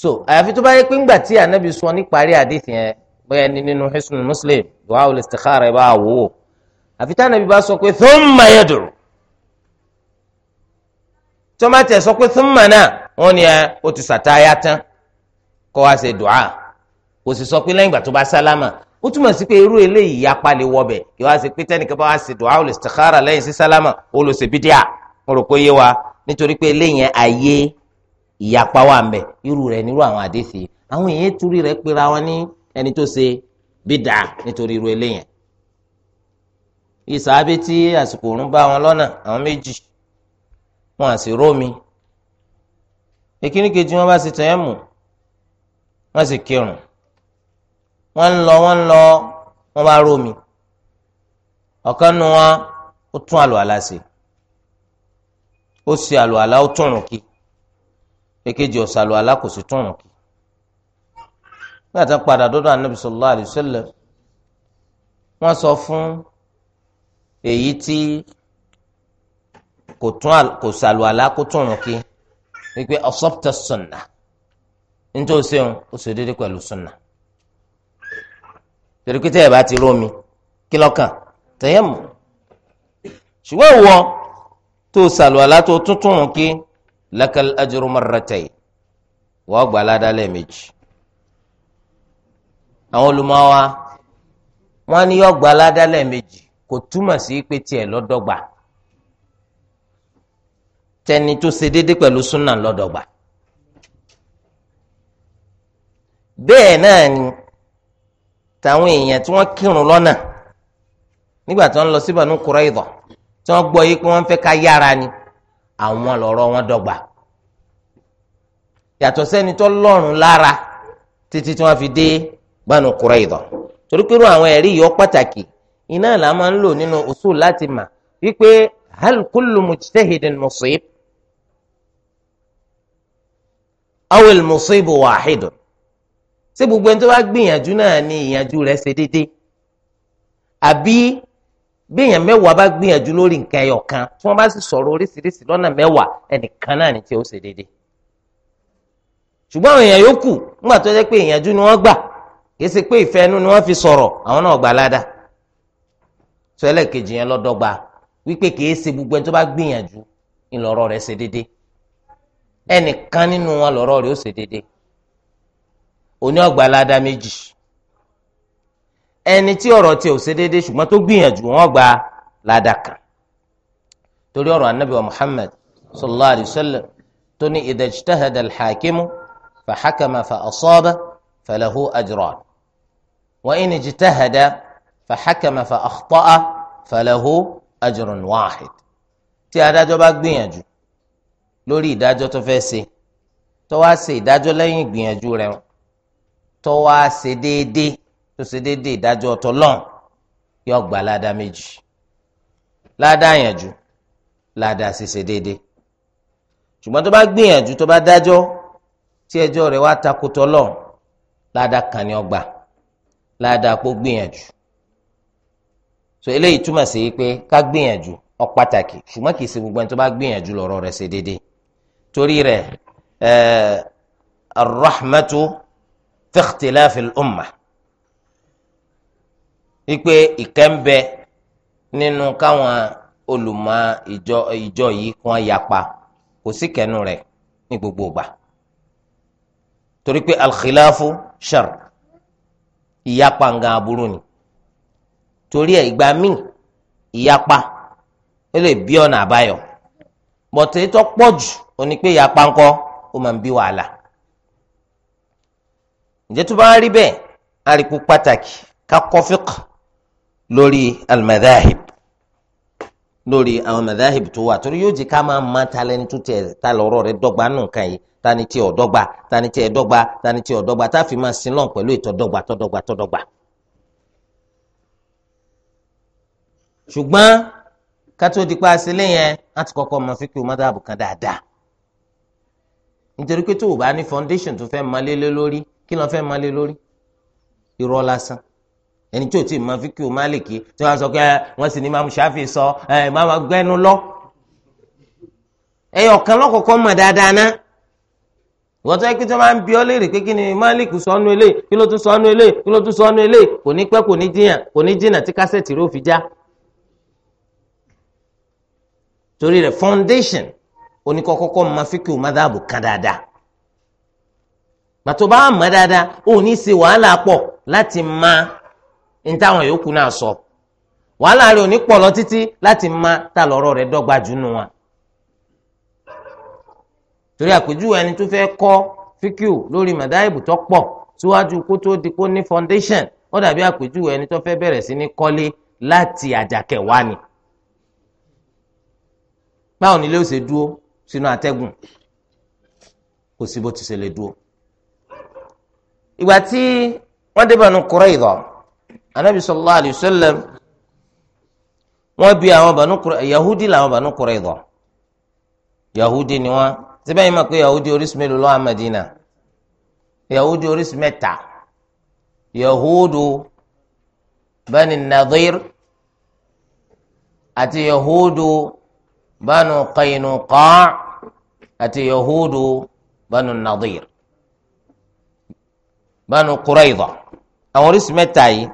so àyàfi tó bá jẹ́ pé ńgbà tí ànábì sọ ní parí hadith yẹn bóyá ní nínú Hisnul Muslim du'a al-istikhara ẹ̀ bá wò ó àfi tí ànábì bá sọ pé thumma yad'u tí wọ́n bá tẹ̀ sọ pé thumma náà wọ́n ní ẹ ti sàtáyà tán kọ́ wa ṣe du'a kò sì sọ pé lẹ́yìn ìgbà tó bá sálámà ó túmọ̀ sí pé irú eléyìí yapa lè wọbẹ̀ kí wá sí pé tẹ́nìkan bá wá sí dùn áwòlè istikhara lẹ́yìn sí sálámà ó bídíà mo pé yé wa nítorí pé eléyìí ayé ìyapa wà mbẹ irú rẹ̀ nírú àwọn àdéhìí àwọn èèyàn torí rẹ̀ pera wọn ní ẹni tó ṣe bídà nítorí irú eléyìí ìsàbẹ tí àsìkò òrùn bá wọn lọ́nà àwọn méjì wọn à sì rómi èkíní wọn bá sì tẹ̀yẹ̀ mù wọn sì kírun wọ́n ń lọ wọ́n ń lọ wọ́n bá rómi ọ̀kan nu wọn ó tún àlùhàlà ṣe ó ṣe àlùhàlà ó túnrùn kí èkejì ó ṣe àlùhàlà kò sí túnrùn kí nígbà tó padà dọ́dọ̀ anabi sallallahu alayhi wa sallam wọ́n sọ fún èyí tí kò tún kò ṣàlùhàlà kó túnrùn kí wípé asabta sunnah nítorí sẹ́wọ̀n ó ṣe déédéé pẹ̀lú sunnah torí pé tẹ́yẹ̀ bá ti rómi kí lọ́kàn tẹ́yẹ̀ mọ̀ ṣùgbọ́n ìwọ tó sàlùwàlá tó tuntun kí lakal ajru marratayn wọ́n gbà ládàlẹ̀ méjì àwọn olùmọ́wá wọ́n ní yọ gbà ládàlẹ̀ méjì kò túmọ̀ sí pé tiẹ̀ lọ́dọ̀gbà tẹni tó ṣe déédé pẹ̀lú súnà lọ́dọ̀gbà bẹ́ẹ̀ náà ni tàwọn èèyàn tí wọ́n kírun lọ́nà nígbà tí wọ́n lọ sí Banu Qurayza tí wọ́n gbọ́ yìí pé wọ́n fẹ́ ká yára ni àwọn lọ́rọ̀ wọn dọ́gba yàtọ̀ sẹ́ni tó lọ́rùn lára títí tí wọ́n fi dé Banu Qurayza torí pé àwọn ẹ̀rí yìí pàtàkì iná là máa ń lò nínú usul láti mà wípé hal mujtahidin musib awil musibu wahidun ṣé gbogbo ẹni tó bá gbìyànjú náà ni ìyànjú rẹ̀ ṣe déédéé àbí bí èèyàn mẹ́wàá bá gbìyànjú lórí nǹkan ẹyọ kan tí wọ́n bá sì sọ̀rọ̀ oríṣiríṣi lọ́nà mẹ́wàá ẹnìkan náà ni tí ó ṣe déédéé ṣùgbọ́n àwọn èèyàn yòókù ńgbà tó jẹ́ pé ìyànjú ni wọ́n gbà kì í ṣe pé ìfẹ́ inú ni wọ́n fi sọ̀rọ̀ àwọn náà gbà ládàá sọ ẹlẹ́ẹ̀kejì yẹn lọ́dọ́gba wípé kì í ṣe gbogbo ẹni tó bá gbìyànjú ńlọrọ̀ rẹ̀ ṣe déédéé ẹnìkan nínú wọn lọ́rọ̀ rẹ̀ ó ṣe déédéé oní ọgbà aládá méjì ẹni tí ọ̀rọ̀ tiẹ̀ ò ṣe déédéé ṣùgbọ́n tó gbìyànjú wọn gba ládàá kan torí ọ̀rọ̀ anabi wa muhammad sallallahu alayhi wa sallam tó ní idha ijtahada alhakimu fa hakama fa asaba falahu ajran wa in ijtahada fa hakama fa akhta'a falahu ajrun wahid tí adájọ́ bá gbìyànjú lórí ìdájọ́ tó fẹ́ ṣe tó wá ṣe ìdájọ́ lẹ́yìn ìgbìyànjú rẹ̀ wọn tó wá ṣe déédéé tó ṣe déédéé ìdájọ́ ọ̀tọ̀ lọ́n yóò gba ládàá méjì ládàá àyànjú ládàá ṣe ṣe déédéé ṣùgbọ́n tó bá gbìyànjú tó bá dájọ́ tí ẹjọ́ rẹ̀ wá takotọ́ lọ ládàá kan ni ọgbà ládàá pọ̀ gbìyànjú so eléyìí túmọ̀ sí pé ká gbìyànjú ó pàtàkì ṣùgbọ́n kì í ṣe gbogbo ẹni tó bá gbìyànjú lọ́rọ̀ rẹ̀ ṣe déédéé torí rẹ̀ ẹ̀ẹ́ eh, arrahmatu fi ikhtilafi al-umma wípé ìkẹ́ ń bẹ nínú káwọn olùmọ̀ ìjọ ìjọ yìí kí wọ́n yapa kò sí kẹnu rẹ̀ ní gbogbo ìgbà torí pé al-khilafu shar ìyapa nǹkan aburú ni torí ẹ̀ ìgbà míì ìyapa ó lè bí ọ̀nà àbáyọ bọ̀tẹ́ tó pọ̀ pé ìyapa ńkọ́ ó máa ń bí wàhálà ǹjẹ́ tó bá rí bẹ́ẹ̀ àríkú pàtàkì ká lórí al-madhahib lórí àwọn madhahib tó wà torí yóò jẹ́ ká máa ma talẹ́ni tó tẹ̀ ta lọ́rọ̀ rẹ̀ dọ́gba nù kàn yìí tani tí ò dọ́gba tani tí ẹ̀ dọ́gba tani tí ò dọ́gba tá a fi máa sin lọ́n pẹ̀lú ìtọ́ dọ́gba tọ́ dọ́gba tọ́ dọ́gba. ṣùgbọ́n ká tó di pa sílé yẹn á kọ́kọ́ mọ fíkì madhahib kan dáadáa nítorí pé tó o bá ní foundation tó fẹ́ máa lé lórí kí ló fẹ́ máa lé lórí irọ́ lásán ẹni tí ò tí ì kí o sọ pé eh, wọ́n sì ní eh, máa sọ ẹ̀ máa gbẹ́nu lọ ẹ̀yọ̀ kan lọ́kọ̀ọ́kọ́ mọ̀ dáadáa wọ́n tọ́ máa ń bi léèrè pé kí ni Malik sọnù kí ló tún sọnù kí ló tún sọnù kò ní pẹ́ kò ní kò ní foundation oníkọ́kọ́kọ́ máa fi kí gbàtọ́ bá mọ̀ dáadáa ó ní ṣe wàhálà pọ̀ láti ma ní táwọn yòókù náà sọ wàhálà rẹ̀ ò ní pọ̀ lọ títí láti ma ta lọ́rọ̀ rẹ̀ dọ́gba jù nù wọn. torí àpèjúwe ẹni tó fẹ́ kọ́ fíkìú lórí màdáìbù tó pọ̀ síwájú kó tó di kó ní foundation ó dàbí àpèjúwe ẹni tó fẹ́ bẹ̀rẹ̀ sí ní kọ́lé láti àjàkẹ́ wá ni. báwo ni ilé ó ṣe dúró sínú atẹ́gùn kò sí bó ti ṣe lè dúró ìgbà tí wọ́n dé Banu Qurayza anabi sallallahu alayhi wa sallam wọ́n bi àwọn Banu Qurayza yahudi làwọn Banu Qurayza yahudi ni wọ́n síbẹ̀ yìí mọ̀ pé yahudi orísun mélòó lọ́wọ́ amadina yahudi orísun mẹ́ta yahudu bani nadir àti yahudu banu qainuqa àti yahudu banu nadir. Banu Qurayza àwọn orísun mẹ́ta yìí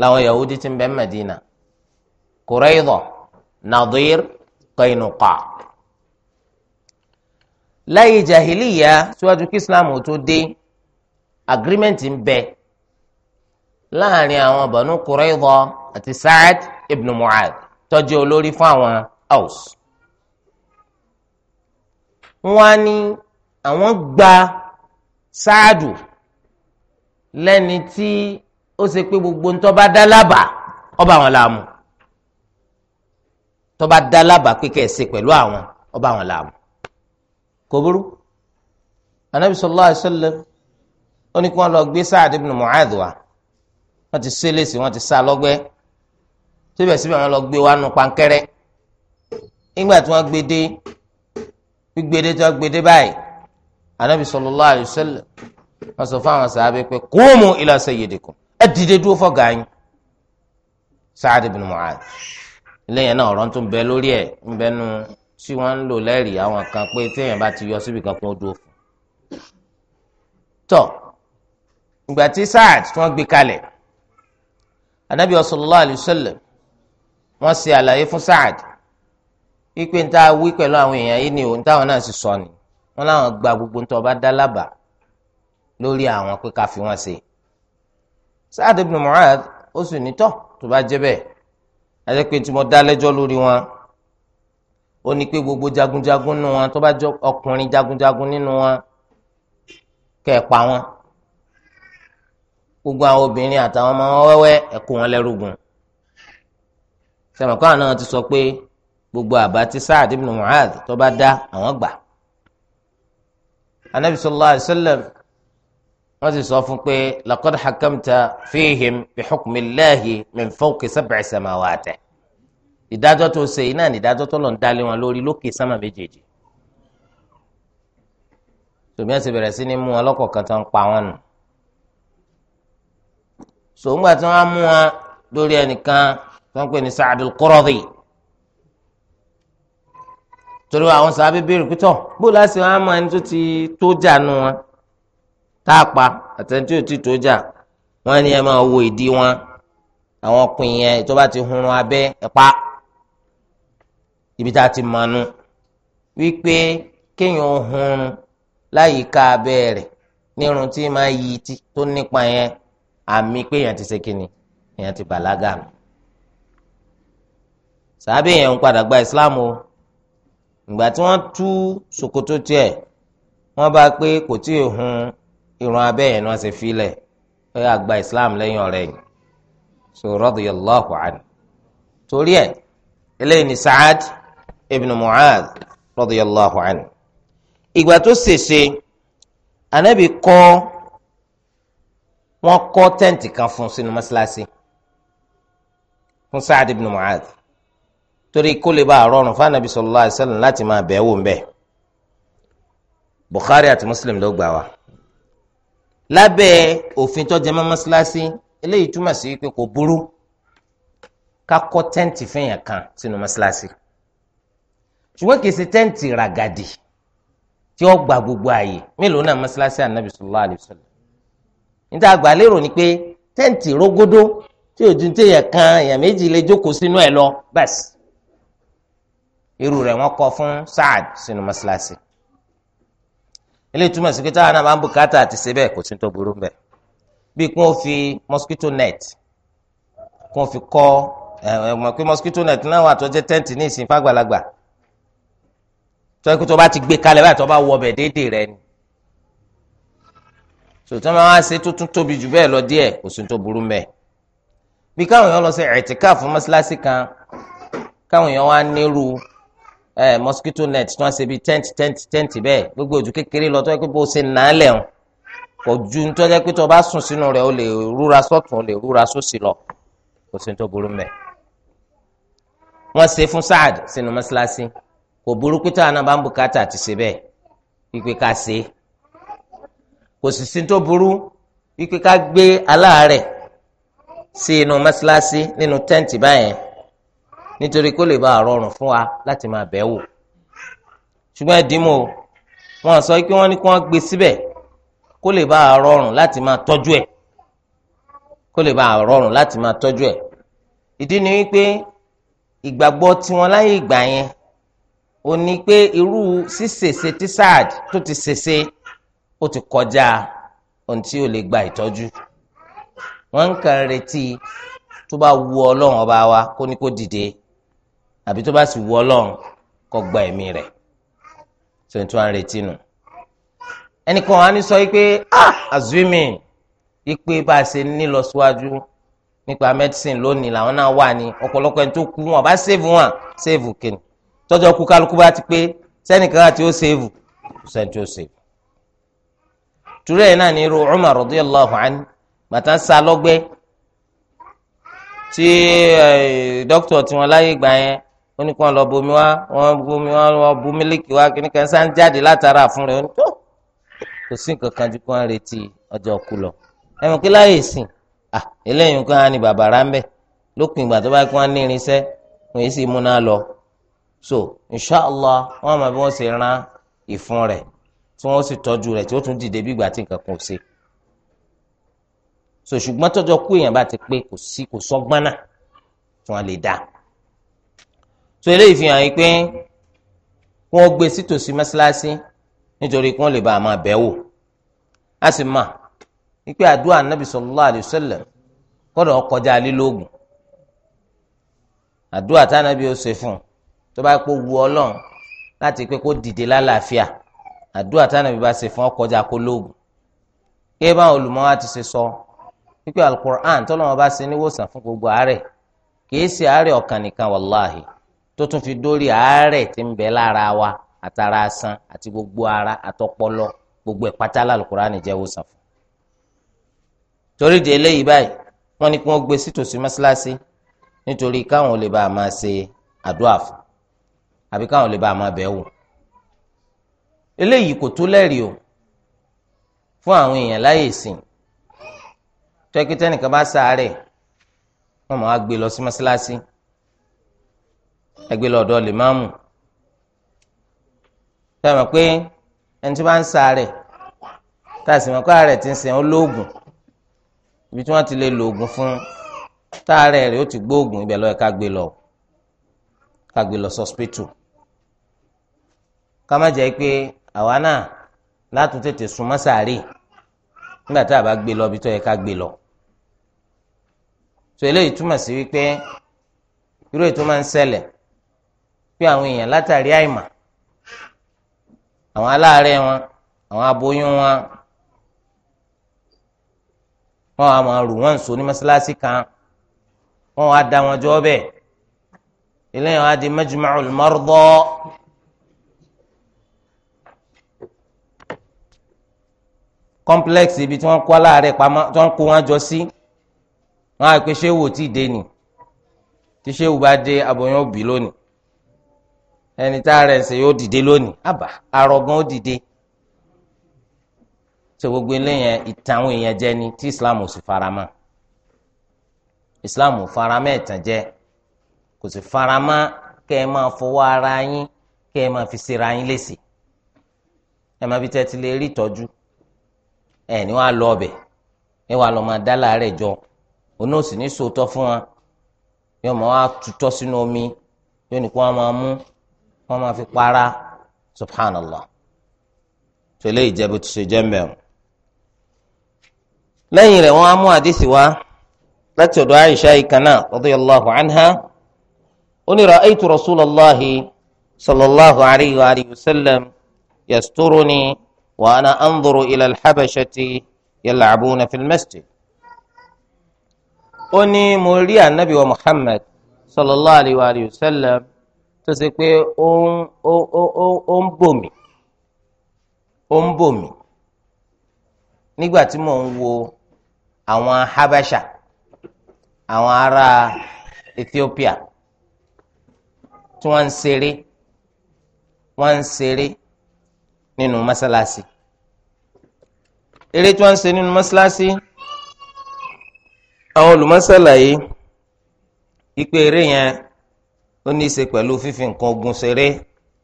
làwọn Yahudi ti ń bẹ Madina Qurayza Nadir Qainuqa láyé jahiliya síwájú kí Islam tó dé agreement ń bẹ láàrin àwọn Banu Qurayza àti Sa'ad ibn Mu'adh tó olórí fún àwọn Aus wọ́n á àwọn gba Sáàdù lẹ́ni tí ó ṣe pé gbogbo ń tọ́ba dá lábàá ọba àwọn làmú tọ́ba dá lábàá pé kẹ̀sì pẹ̀lú àwọn ọba àwọn làmú kò burú anabi sallallahu alaihi ó ní kí wọ́n lọ gbé Sa'ad ibn Mu'adh wá wọ́n ti sé lèsì wọ́n ti sá lọ́gbẹ́ síbẹ̀síbẹ̀ wọ́n lọ gbé wá nu pankẹ́rẹ́ nígbà tí wọ́n gbé dé gbígbé dé tí wọ́n gbé dé báyìí anabi sallallahu alaihi wọ́n sọ fáwọn sàábẹ́ pé kúmù ila sayyidikum ẹ dìde dúró fọ́gà yín Sa'ad ibn Mu'adh lẹ́yìn náà ọ̀rọ̀ tó ń bẹ lórí ẹ̀ ń bẹnu tí wọ́n ń lò lẹ́rìí àwọn kan pé téèyàn bá ti yọ síbi kan kó dúró fún tọ́ ìgbà tí Sa'ad tí wọ́n gbé kalẹ̀ anabi sallallahu alayhi wọ́n ṣe àlàyé fún Sa'ad wípé ń tá wí pẹ̀lú àwọn èèyàn yìí ni òun táwọn náà sì sọ ni wọ́n láwọn gba gbogbo ń tọ́ ọba dá lábàá lórí àwọn pé ká fi wọn ṣe Sa'ad ibn Mu'adh ó sì nítọ tó bá jẹ́ bẹ́ẹ̀ ajẹ pé tí mo dá lẹ́jọ́ lórí wọn ó ní pé gbogbo jagunjagun nínú wọn tó bá jọ ọkùnrin jagunjagun nínú wọn kẹ́ ẹ pa wọn gbogbo àwọn obìnrin àtàwọn ọmọ wẹ́wẹ́ ẹ wọn lẹ́rùgùn sẹmọkọ àná ti sọ pé gbogbo àbá tí Sa'ad ibn Mu'adh tó bá dá àwọn gbà anabi sallallahu alayhi wa sallam wọ́n sì sọ fún pé laqad hakamta fihim bi hukmi Allahi min fawqi sab'i samawati ìdájọ́ tó ṣe iná ní ìdájọ́ tó lọ ń dalé wọn lórí lókè sámà méjèèjì tòmí ẹsẹ bẹ̀rẹ̀ sí ni mú wọn lọ́kọ̀ọ̀kan tó ń pa wọn nù sòǹgbà tí wọ́n á mú wọn lórí ẹnìkan tó ń pè ní Sa'dul Quradi torí àwọn sábẹ́ bèrè pítọ̀ bó láti wọn á mọ ẹni tó ti tó jà nù wọn tá a pa àtẹ̀ntí òtí tó jà wọ́n ní ẹ máa wo ìdí wọn àwọn ọkùn yẹn tó bá ti hunrun abẹ́ ẹ pa ibi tá a ti mọ̀nù wípé kéèyàn hunrun láyìíká abẹ́ rẹ̀ nírun tí máa yí tí tó nípa yẹn àmì pé èèyàn ti ṣe kíni èèyàn ti bàlágà nù sàbẹ̀ yẹn ń padà gba ìsìláàmù o ìgbà tí wọ́n tú ṣòkòtò tiẹ̀ wọ́n bá pé kò tí ì hun irun abẹ́ yẹn ni wọ́n ṣe filẹ̀ ó yà gba islam lẹ́yìn ọ̀rẹ́ yìí so radiyallahu anhu torí ẹ̀ eléyìí ni saad ibn mu'adh radiyallahu anhu ìgbà tó ṣèṣe anabi kọ́ wọ́n kọ́ tẹ́ǹtì kan fún sínú mọ́ṣáláṣí fún saad ibn mu'adh torí kó lè bá a rọrùn fún anabi sallallahu alaihi láti máa bẹ̀ẹ́ wò ń bẹ̀ bukhari àti muslim ló gbà wá lábẹ́ òfin tó jẹ mọ́ mọ́ṣáláṣí eléyìí túmọ̀ sí pé kò burú ká kọ́ tẹ́ǹtì fẹ̀yàn kan sínú mọ́ṣáláṣí ṣùgbọ́n kì í ṣe tẹ́ǹtì ràgàdì tí ó gba gbogbo ààyè mélòó náà mọ́ṣáláṣí ànábì sallallahu alaihi níta àgbà lérò ni pé tẹ́ǹtì rógódó tí òjò téèyàn kan èèyàn méjì lè jókòó sínú ẹ̀ lọ bẹ́ẹ̀ irú rẹ̀ wọ́n kọ́ fún Saad sínú mọ́ṣáláṣí eléyìí túmọ̀ sí pé táwọn náà máa ń bùkátà àti ṣe bẹ́ẹ̀ kò sí tó burú bẹ́ẹ̀ bí kí fi mosquito net kí wọ́n fi kọ́ ẹ̀ mọ̀ pé mosquito net náà wà tó jẹ́ tẹ́ǹtì ní ìsìn fàgbàlagbà tó yẹ kó tó bá ti gbé kalẹ̀ báyìí tó bá wọ ọbẹ̀ déédéé rẹ ni sòtún máa wá ṣe tuntun tóbi jù bẹ́ẹ̀ lọ díẹ̀ kò sí tó burú bẹ́ẹ̀ bí káwọn èèyàn lọ sí ẹ̀tìkáàfù mọ́ṣáláṣí kan káwọn èèyàn wá nírú ẹ eh, mosquito net tí wọ́n ṣe bíi tent tent tent bẹ́ẹ̀ gbogbo ojú kékeré lọ tó yẹ pé bó ṣe nà á lẹ́hùn kò ju tó yẹ pé tó bá sùn sínú rẹ̀ ó lè rúra sọ́tún ó lè rúra sósì lọ kò sí tó burú mẹ́. wọ́n ṣe fún Saad sínú mọ́ṣáláṣí kò burú pé táwọn náà bá ń bùkátà ti ṣe bẹ́ẹ̀ wípé ká ṣe kò sì sí tó burú wípé ká gbé aláàárẹ̀ sí inú mọ́ṣáláṣí nínú tẹ́ǹtì báyẹn nítorí kó lè bá a rọrùn fún wa láti máa bẹ̀ wò ṣùgbọ́n ẹ̀dínmò wọn sọ pé wọ́n ní kí wọ́n gbé síbẹ̀ kó lè bá a láti máa tọ́jú ẹ̀ kó lè bá a láti máa tọ́jú ẹ̀ ìdí ni wípé ìgbàgbọ́ tiwọn láyé ìgbà yẹn ò ní pé irú ṣíṣèṣe tí Saad tó ti ṣèṣe ó ti kọjá ohun tí ò lè gba ìtọ́jú wọ́n ń kàn retí tó bá wu ọlọ́run ọba wa kó ní kó dìde àbí tó bá sì wù Ọlọ́run kó gba ẹ̀mí rẹ̀ tó ń tún à retí nù. ẹnìkan á ní sọ pé ah, azumi ipe bá a ṣe ní lọ síwájú nípa medicine lónìí làwọn náà wà ní ọ̀pọ̀lọpọ̀ ẹni tó kú wọn bá sèvù wọn sèvù kìnnì tọ́jọ́ kú kálukú bá ti pé sẹ́nìkan àti ó sèvù sẹ́ni tí ó sèvù. turẹ̀ náà ní irú Umar radiyallahu anhu bàtà ń sa lọ́gbẹ́ tí eh, dókítà tiwọn láyé gbà yẹn wọ́n ní kí wọ́n lọ bomi wá wọ́n bomi wá wọ́n bu mílíkì wá kí ní kan sá ń jáde látara fún rẹ̀ tó kò sí nǹkan kan ju kí wọ́n retí ọjọ́ kú lọ. ẹ mọ̀ kí láyè sìn à eléyìí nǹkan á ní bàbàrà ń bẹ̀ lópin ìgbà tó bá kí wọ́n ní irinṣẹ́ wọ́n yìí sì múná lọ. so inshallah wọ́n mọ̀ bí wọ́n ṣe ran ìfun rẹ̀ tí wọ́n sì tọ́jú rẹ̀ tí ó tún dìde bí ìgbà tí nǹkan kan so eléyìí fi hàn yín pé wọ́n gbé sítòsí mọ́ṣáláṣí nítorí kí wọ́n lè bá a máa bẹ̀wò a sì mà wípé àdúrà nàbì sallallahu alayhi wa sallam kọ́dọ̀ ọkọjá lílógún àdúrà tánàbí ó ṣe fún tó bá pò wu ọlọ́run láti pé kó dìde lálàáfíà àdúrà tánàbí bá ṣe fún ọkọjá kó lóògùn kí báwọn olùmọ́wá ti ṣe sọ wípé alukur'an tọ́lọ́wọ́n bá ṣe níwòsàn fún gbogbo àárẹ̀ kìí ṣe àárẹ̀ ọkàn nìkan wàláhì tó tún fi dórí àárẹ̀ tí ń bẹ lára wa àtara asan àti gbogbo ara àtọpọlọ gbogbo ẹ̀ pátá lálùkùránì jẹ́ wòsàn fún. torí di eléyìí báyìí wọ́n ní kí wọ́n gbé sítòsí mọ́ṣáláṣí nítorí káwọn lè bá a máa ṣe àdúrà fún àbí káwọn lè bá a máa bẹ̀ wò. eléyìí kò tó lẹ́rìí o fún àwọn èèyàn láyè sìn tẹ́kítẹ́nìkan bá ṣàárẹ̀ wọ́n máa gbé lọ sí mọ́ṣáláṣí. Si ẹgbẹ́ lọ́dọ̀ lèmáàmù sẹ́wọ̀n pé ẹni tí wọ́n ń sa rẹ̀ tá a sì mọ̀ pé ààrẹ ti ń sìn ọ́n lóògùn ibi tí wọ́n ti lè lo oògùn fún táàrẹ̀ rẹ̀ ó ti gbóògùn ibẹ̀ lọ́ọ́ ká gbé lọ ká gbé lọ sọ́spítù ká má jẹ́ pé àwa náà látún tètè súnmọ́ sàárè nígbà tá a bá gbé lọ ibi tó yẹ ká gbé lọ so eléyìí túmọ̀ sí wípé irú ètò máa ń ṣẹlẹ̀ pé àwọn èèyàn látàrí àìmọ̀ àwọn aláàárẹ̀ wọn àwọn aboyún wọn wọn a máa rù wọn ń so ní mọ́sálásí kan wọn wá da wọn jọ bẹ́ẹ̀ ilé yẹn wá di majma'ul marda. complex ibi tí wọ́n kó aláàárẹ̀ pamọ́ tí wọ́n kó wọn jọ sí wọn àìpé ṣéwò tí ì dé ni tí ṣéwò bá dé aboyún òbí lónìí ẹni tá a rẹ̀ ṣe yóò dìde lónìí àbá arọgán ó dìde ṣe gbogbo eléyẹn ìtàwọn èèyàn jẹ ni tí islam ò sì faramọ́ islam ò faramọ́ ẹ̀tàn jẹ kò sì faramọ́ kẹ́ ẹ máa fọwọ́ ara yín kẹ́ ẹ máa fi ṣera yín léṣe ẹ máa fi tẹ́tí lè rí ìtọ́jú ẹ ní wàá lọ ọbẹ̀ ẹ wàá lọ máa dá láàárẹ̀ jọ òun náà ní sòótọ́ fún wa yóò máa wá tutọ́ sínú omi yóò ní kó wọn máa mú wọ́n máa fi para subhanallah tẹ̀lé ìjẹ́bù tó ṣe jẹ́ mẹ́rin. lẹ́yìn rẹ̀ wọ́n á mú àdísì wá láti ọ̀dọ̀ Aisha ìkànnà radiyallahu anha ó ní ra'aytu rasulallahi sallallahu alayhi wa alihi wa sallam yasturuni wa ana anzuru ila alhabashati yal'abuna fil masjid. ó ní mo rí ànábì wa sallallahu alayhi wa alihi wa sallam tó ṣe pé ó ń ó ó ó ń bò mí ó ń bò nígbà tí mò ń wo àwọn habasha àwọn ará Ethiopia tí wọ́n ń ṣeré wọ́n ń ṣeré nínú mọ́sálásí eré tí wọ́n ń ṣe nínú mọ́sálásí àwọn olùmọ́sálà yìí eré yẹn ó ní í ṣe pẹ̀lú fífi nǹkan ogun ṣeré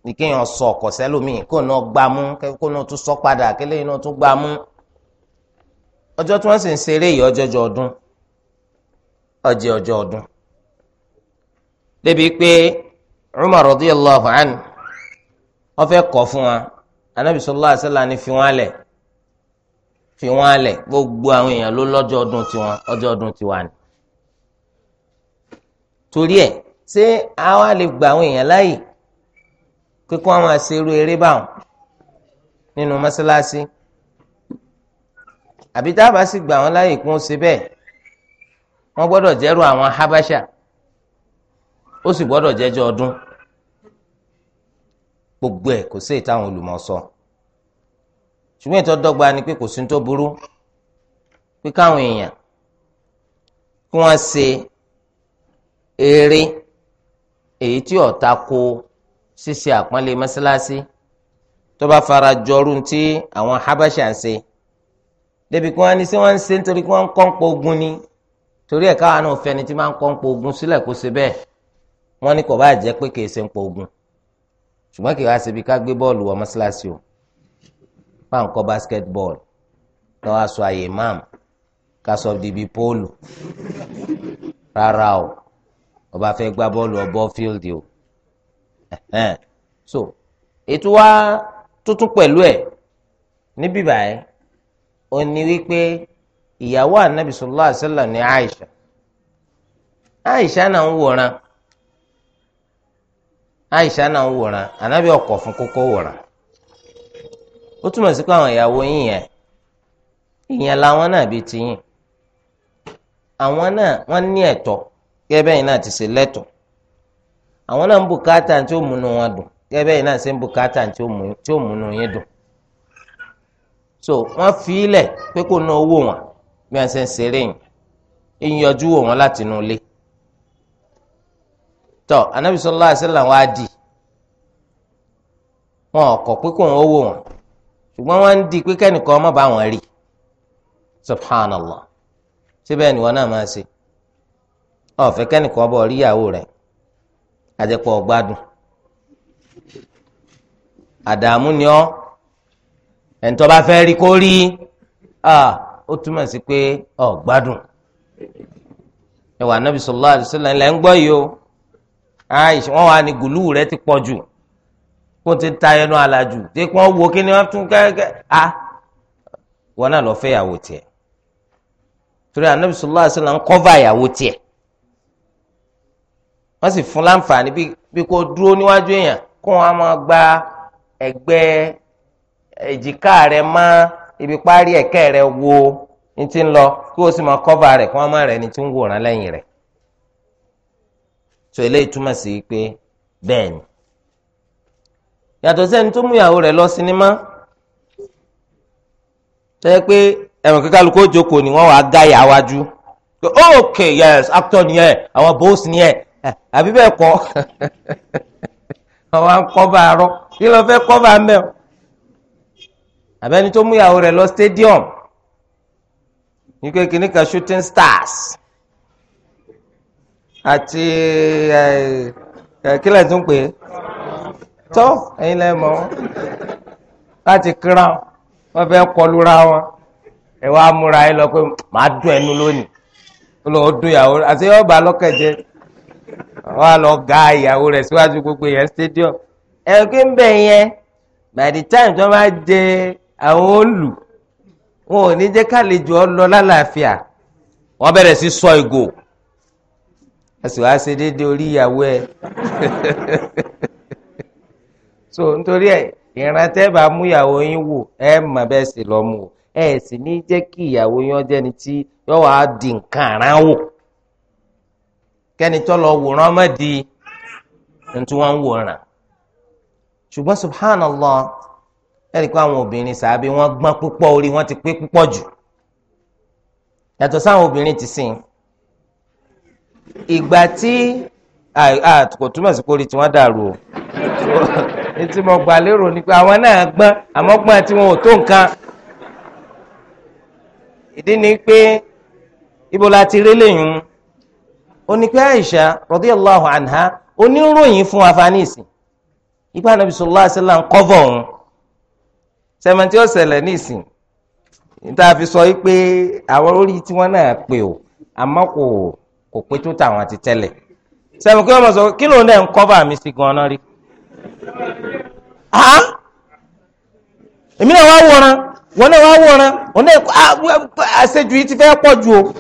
ní kéèyàn sọ ọ̀kọ̀ sẹ́lómìn kó náà gbá mú kó náà tún sọ padà kílé iná tún gbá mú ọjọ́ tí wọ́n sì ń ṣeré yìí ọjọ́jọ́ ọdún ọjọ́ ọjọ́ ọdún débi pé Umar radiyallahu anhu wọ́n fẹ́ kọ́ fún wa anabi sallallahu alaihi wasallam ni fi wọ́n alẹ̀ fi wọ́n alẹ̀ gbogbo àwọn èèyàn ló lọ́jọ́ ọdún tiwọn ọjọ́ ọdún tiwa torí ẹ̀ ṣé àwa lè gba àwọn èèyàn láàyè pé kí wọ́n máa ṣe irú eré báwọn nínú mọ́ṣáláṣí àbí tá a bá sì gba àwọn láàyè kí wọ́n ṣe bẹ́ẹ̀ wọ́n gbọ́dọ̀ jẹ́rù àwọn habasha ó sì gbọ́dọ̀ jẹ́jọ́ ọdún gbogbo ẹ̀ kò sí ìtàwọn olùmọ̀ sọ ṣùgbọ́n ìtọ́ dọ́gba ni pé kò sí tó burú pé káwọn èèyàn kí wọ́n ṣe eré èyí tí ọ̀tá ko ṣíṣe àpọ́nlé mọ́sálásí tó bá fara jọrú tí àwọn habasha ń ṣe débi kí wọ́n ní sí wọ́n ń ṣe nítorí kí wọ́n ń kọ́ńpọ̀ ogun ni torí ẹ̀ káwọn náà fẹ́ni tí máa ń kọ́ńpọ̀ ogun sílẹ̀ kó ṣe bẹ́ẹ̀ wọ́n ní kò bá jẹ́ pé kì í ṣe ń pọ̀ ogun ṣùgbọ́n kì í wá síbi ká gbé bọ́ọ̀lù wọ mọ́sálásí o bá ń kọ́ basketball lọ́wọ́ aṣọ àyè máàmù ká sọ dìbì póòlù rárá o. ọba fẹ́ gbá bọ́ọ̀lù ọbọ̀ fíldì o so ètò wa tuntun pẹ̀lú ẹ̀ níbí báyìí ó ní wípé ìyàwó ànábì sallallahu alaihi ní Aisha Aisha náà ń wòran Aisha náà ń wòran fún kókó wòran ó túmọ̀ sí pé àwọn ìyàwó yín yẹn ìyẹn làwọn náà tiyín àwọn náà wọ́n ní ẹ̀tọ́ gẹ́gẹ́ yìí náà ti ṣe lẹ́tọ̀ àwọn náà ń bùkátà tí ó múnú wọn dùn gẹ́gẹ́ yìí náà ṣe ń bùkátà tí ó múnú yín dùn so wọ́n fi pé kó owó wọn bí wọ́n ṣe ń ṣeré yìí ìyọjú wò wọ́n láti inú ilé tọ́ á dì wọn ọkọ̀ pé kó owó wọn ṣùgbọ́n wọ́n ń di pé kẹ́nìkan má wọn rí subhanallah ọ̀fẹ́ kẹ́nìkan bọ̀ ọrịa rẹ̀ àjẹpọ̀ ọ̀gbádùn àdààmú ni ọ́ ẹ̀ńtọ́ bá fẹ́ rí kó rí ó túmọ̀ sí pé ọ̀gbádùn ẹwà anábì sallallahu alaihi ńlẹ̀ ń gbọ́ yìí o àìsàn wọn wà ní gùlù rẹ ti pọ̀ jù kó ti ta ẹnu tí wo kí ni tún a wọn náà lọ torí ń kọ́fà wọ́n sì fún láǹfààní bí kò dúró níwájú èèyàn kó wọn máa gba ẹ̀gbẹ́ èjìká rẹ̀ mọ́ ibi parí ẹ̀kẹ́ rẹ̀ wo ní ti ń lọ kí o sì máa kọ́va rẹ̀ kí wọ́n máa rẹ̀ ní ti ń wòran lẹ́yìn rẹ̀ tó eléyìí túmọ̀ sí pé bẹ́ẹ̀ ni yàtọ̀ sẹ́ni tó mú ìyàwó rẹ̀ lọ sinimá tẹ́ pé ẹ̀wọ̀n kíkálukú òjòkó ni wọ́n wàá gáyà wájú ok yes actor ni ẹ̀ àwọn boss ni ẹ̀ àbí bẹ́ẹ̀ kọ́ àwọn akọ́bà arọ́ kí ló fẹ́ kọ́bà mẹ́ o àbẹ́ni tó mú ìyàwó rẹ̀ lọ stadium ní pé kìíní kan shooting stars àti kílẹ̀ tó ń pè é tó ẹ̀yin lẹ́yìn mọ́ láti kíra wọ́n fẹ́ kọlura wọn ẹ̀ wá múra ẹ lọ pé màá dùn ẹnu lónìí ó lọ́ọ́ dùn ìyàwó àti yọ̀ọ́ bá lọ́kẹ̀ jẹ́ wọ́n á lọ ga ìyàwó rẹ̀ síwájú gbogbo yẹn stadium ẹ̀rọ pé ń bẹ̀ yẹn by the time tí wọ́n bá jẹ àwọn olù wọn ò ní jẹ́ kálejò ọ lọ lálàáfíà wọ́n bẹ̀rẹ̀ sí sọ ìgò ẹ̀sùn á ṣe déédéé orí ìyàwó ẹ̀ so nítorí ẹ̀ ìrántẹ́ bá mú ìyàwó yín wò ẹ̀ mọ̀ bẹ́ẹ̀ sì lọ́mú ẹ̀ sì ní jẹ́ kí ìyàwó yín ọjọ́ ẹni tí yọ wàá di nǹkan àrán wò kẹ́ni tó lọ wòran má di ntí wọ́n ń wòran ṣùgbọ́n subhanallah ẹ̀rí pé àwọn obìnrin sàbí wọ́n gbọ́n púpọ̀ orí wọn ti pé púpọ̀ jù yàtọ̀ sáwọn obìnrin ti sìn ìgbà tí kò túmọ̀ sí kórìí tí wọ́n dàrú o etí mo gbà lérò ni pé àwọn náà gbọ́n àmọ́ gbọ́n tí wọn ò tó nǹkan ìdí ni pé ibo la ti rí lẹ́yìn mu onípẹ́ àìsà radiyallahu anha oníròyìn fún afanísìn ipa nàbí sallallahu alaihi ń kọ́vọ̀ òun sẹ́mẹ̀ntì ọ̀sẹ̀lẹ̀ nísìn níta fi sọ pé àwọn orí tiwọn náà pé o àmọ́ kò kò pé tó tàwọn ti tẹ́lẹ̀ sẹ́mi kí wọ́n mọ̀ sọ kí ló ń dẹ̀ ń kọ́và mi sí gan-an rí èmi náà wá wòran wọn náà wá wòran wọn náà ah, àṣejù yìí ti fẹ́ pọ̀ ju o.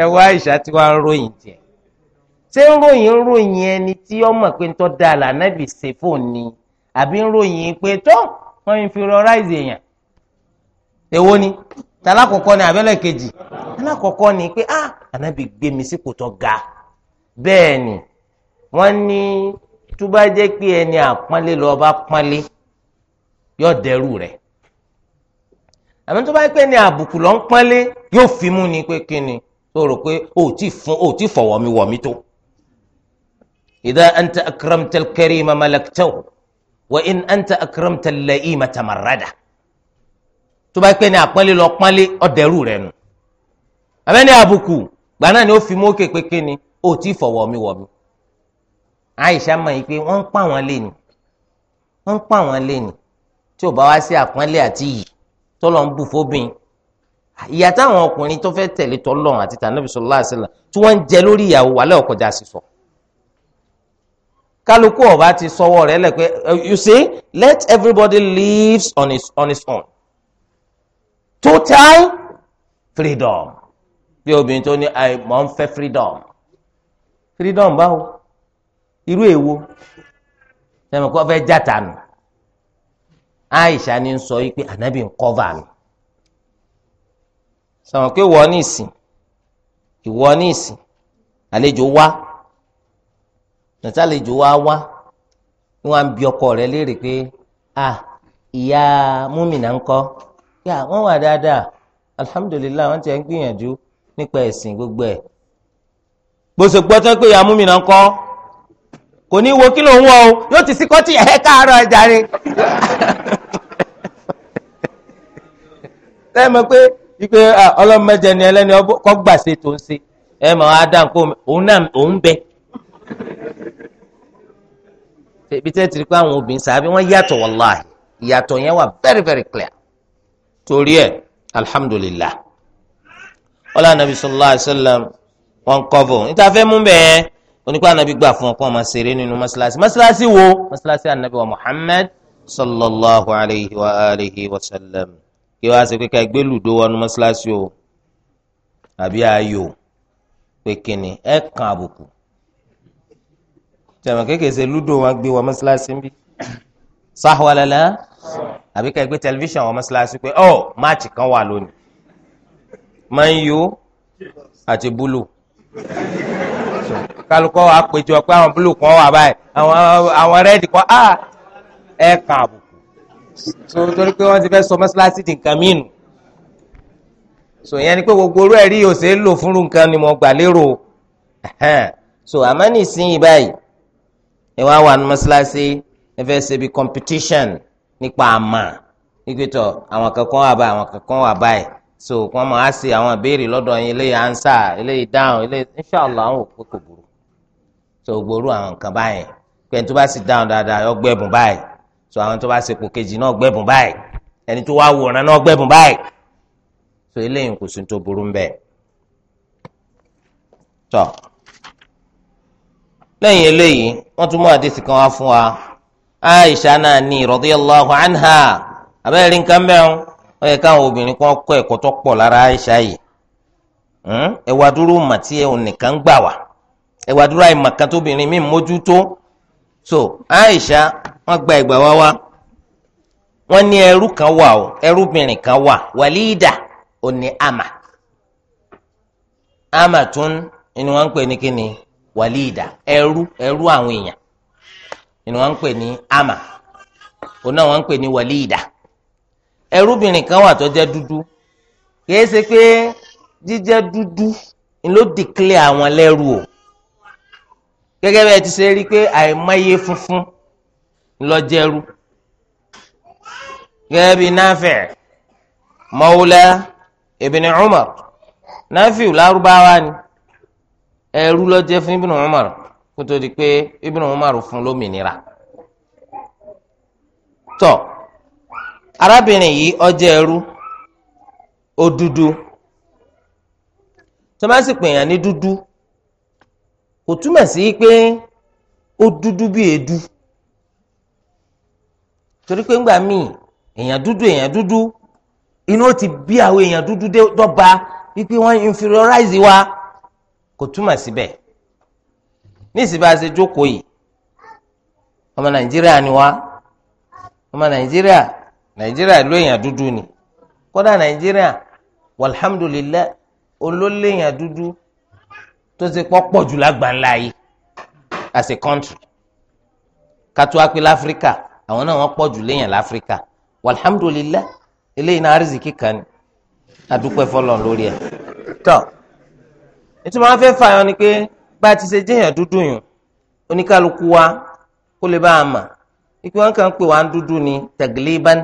ẹ wá Àìṣà tí wàá ròyìn tiẹ̀ ṣé ń ròyìn ń ròyìn ẹni tí ó mọ̀ pé ń tọ́ da àlànàbì ṣe fóònù ni àbí ń ròyìn pé tó wọ́n ń fi rọráìsì èèyàn èwo ni tàlákọ̀ọ́kọ́ ni àbẹ́lẹ̀ kejì alákọ̀ọ́kọ́ ni pé ah ànábì gbé mi sípò tó ga bẹ́ẹ̀ ni wọ́n ní tó bá jẹ́ pé ẹni àpọ́nlé lọ bá pọ́nlé yóò dẹrù rẹ̀ àmọ́ tó bá jẹ́ pé ẹni àbùkù lọ ń pọ́nlé yóò fi ni pé kí ni tó rò pé o ò tí fún o ò tí fọwọ́ mi wọ̀ mi tó. idha anta akramta al-karima malaktahu wa in anta akramta al-la'ima tamarrada. tó bá pẹ́ ní àpọ́nlé lọ pọ́nlé ọ̀dẹ́rù rẹ̀ nù. abẹ́ni àbùkù gbaná ni ó fi mókè pé kí ni o ò tí fọwọ́ mi wọ̀ mọ̀ yìí pé wọ́n ń pa wọn lé ni wọ́n ń pa wọn lé ni tí ò bá wá sí àpọ́nlé àti yìí tó lọ ń bù fóbìn ìyà táwọn ọkùnrin tó fẹ́ tẹ̀lé tọ́lọ́run àti tànàbí sallallahu alaihi wasallam tí wọ́n ń jẹ lórí ìyàwó wà lẹ́ọ̀kọjá sí sọ. kálukú ọba ti sọwọ́ rẹ̀ lẹ́pẹ́ you see let everybody lives on his, on his own total freedom bí obìnrin tó ní àìmọ̀ ń fẹ́ freedom freedom báwo irú èwo sẹ́mi kọ́ fẹ́ jàtà nù Aisha ni ń sọ yìí pé ànábì ń kọ́ mi sọ̀rọ̀ pé wọ́n ní ìsìn ìwọ ní ìsìn àlejò wá nàtàlejò wá wá ni wọ́n á bi ọkọ rẹ̀ léèrè pé à ìyá múmìnà ń kọ́ yà wọ́n wà dáadáa alihamudulilayi wọ́n ti ń gbìyànjú nípa ẹ̀sìn gbogbo ẹ̀ gbèsè gbọ́tọ́ pé ìyá múmìnà ń kọ́ kò ní wo kí ló ń wọ o yóò ti síkọ́ ẹ̀ káàárọ̀ ẹ̀ jàre. wípé ọlọ́mọdé ni ẹlẹ́ni kọ́ gbàṣe tó ń ṣe ẹ mọ̀ adam kó òun náà òun bẹ. ibi tẹ́ ti rí pé àwọn obìnrin sàbí wọ́n yàtọ̀ wàláhì ìyàtọ̀ yẹn wà very very clear torí ẹ̀ alhamdulillah ọlá nàbí sallallahu alaihi wasallam wọn kọ́bọ̀ níta fẹ́ mú bẹ́ẹ̀ onípa ànàbí gbà fún ọkọ ọmọ sèré nínú mọ́ṣáláṣí mọ́ṣáláṣí wo mọ́ṣáláṣí ànàbí wa muhammad sallallahu alaihi wa alihi wa sallam kí wọ́n á ṣe pé ká gbé lùdó wọnú mọ́ṣáláṣí o àbí ayò pé kíni ẹ kan àbùkù jẹ̀mọ̀ kékeré lùdó wọn gbé wọ mọ́ṣáláṣí bí sáhùwalẹ̀lẹ̀ àbí ká gbé tẹlifíṣàn wọ mọ́ṣáláṣí pé ọ máàcì kan wà lónìí Man U àti búlù kálukọ́ àpèjọ pé àwọn búlù kan wà báyìí àwọn rẹ́ẹ̀dì kan ah, ẹ kan àbùkù so torí pé wọ́n ti fẹ́ sọ mọ́ṣáláṣí di nǹkan mìíràn so ìyẹn ni pé gbogbo orú ẹ̀rí yóò ṣe é lò fún nǹkan ni mo gbà lérò so àmọ́ nísìnyí báyìí ẹ wá wà ní mọ́ṣáláṣí ẹ fẹ́ ṣe bí competition nípa àmà nígbètò àwọn kankan wà báyìí àwọn kankan wà báyìí so wọ́n máa ṣe àwọn ìbéèrè lọ́dọ̀ yín eléyìí ansa eléyìí dáhùn eléyìí inshàlá àwọn òpó kò burú so gbòòrò àwọn nǹkan báyìí pẹ̀ntú bá sì dáhùn dáadáa ọgbẹ́bùn báyìí so àwọn tó bá sepò kejì náà gbẹ̀bùn báyìí ẹni tó wá wòran náà gbẹ̀bùn báyìí sọ eléyìí kò sí tó burú ń bẹ̀. tọ́ eléyìí wọ́n tún mú àdìsí kan wá fún wa Aisha náà ní radiyallahu anha abẹ́rẹ́ rí nǹkan mẹ́rin ó yẹ káwọn obìnrin kan kọ́ ẹ̀kọ́ tó pọ̀ lára Aisha yìí hmm? ẹwà dúró màtí ẹ̀ ònìkan gbà wá ẹwà dúró àìmọ̀kan tóbìnrin mi mójútó so Aisha wọ́n gba ẹgbẹ́ wá wá wọ́n ní ẹrú kan wà o ẹrúbìnrin kan wà wàlídà ò ní àmà àmà tún ni wọ́n ń pè ní kíni wàlídà ẹrú ẹrú àwọn èèyàn ni wọ́n ń pè ní àmà òun náà wọ́n ń pè ní wàlídà ẹrúbìnrin kan wà tó jẹ́ dúdú kìí ṣe pé jíjẹ́ dúdú ló dìklẹ̀ àwọn lẹ́rú o gẹ́gẹ́ ẹ ti ṣe rí i pé àìmọye funfun ńlọjẹrú gẹ́gẹ́ bíi Nafi' Mawla Ibn Umar Nafi' lárúbáwá ni ẹrú lọ́jẹ́ fún Ibn Umar kó tó di pé Ibn Umar fún lómìnira tọ arábìnrin yìí ọjẹ́ ẹrú tó sì pèèyàn ní dúdú kò sí torí pé ńgbà míì èèyàn dúdú èèyàn dúdú inú ó ti bí àwọn èèyàn dúdú dọ́ba wípé wọ́n inferiorize wa kò túmọ̀ síbẹ̀ ní ìsìnbá ṣe jókòó yìí ọmọ nàìjíríà ni wá ọmọ nàìjíríà nàìjíríà ló èèyàn dúdú ni kódà nàìjíríà walhamdulillah olóléèyàn dúdú tó ṣe pọ́pọ̀ jù lágbàńlá yìí as a country kátó apil áfíríkà àwọn náà wọ́n pọ̀ jù léèyàn láfíríkà walhamdulillah eléyìí náà arizikì kan ni adúpẹ́ fọlọ́ lórí ẹ̀ tọ́ nítorí wọn fẹ́ fààyàn ni pé bá a ti ṣe jẹ́yàn dúdú yùn oníkálukú wa kó lè bá a mà ikú wọn kàn ń pè wá ń dúdú ni tagiliban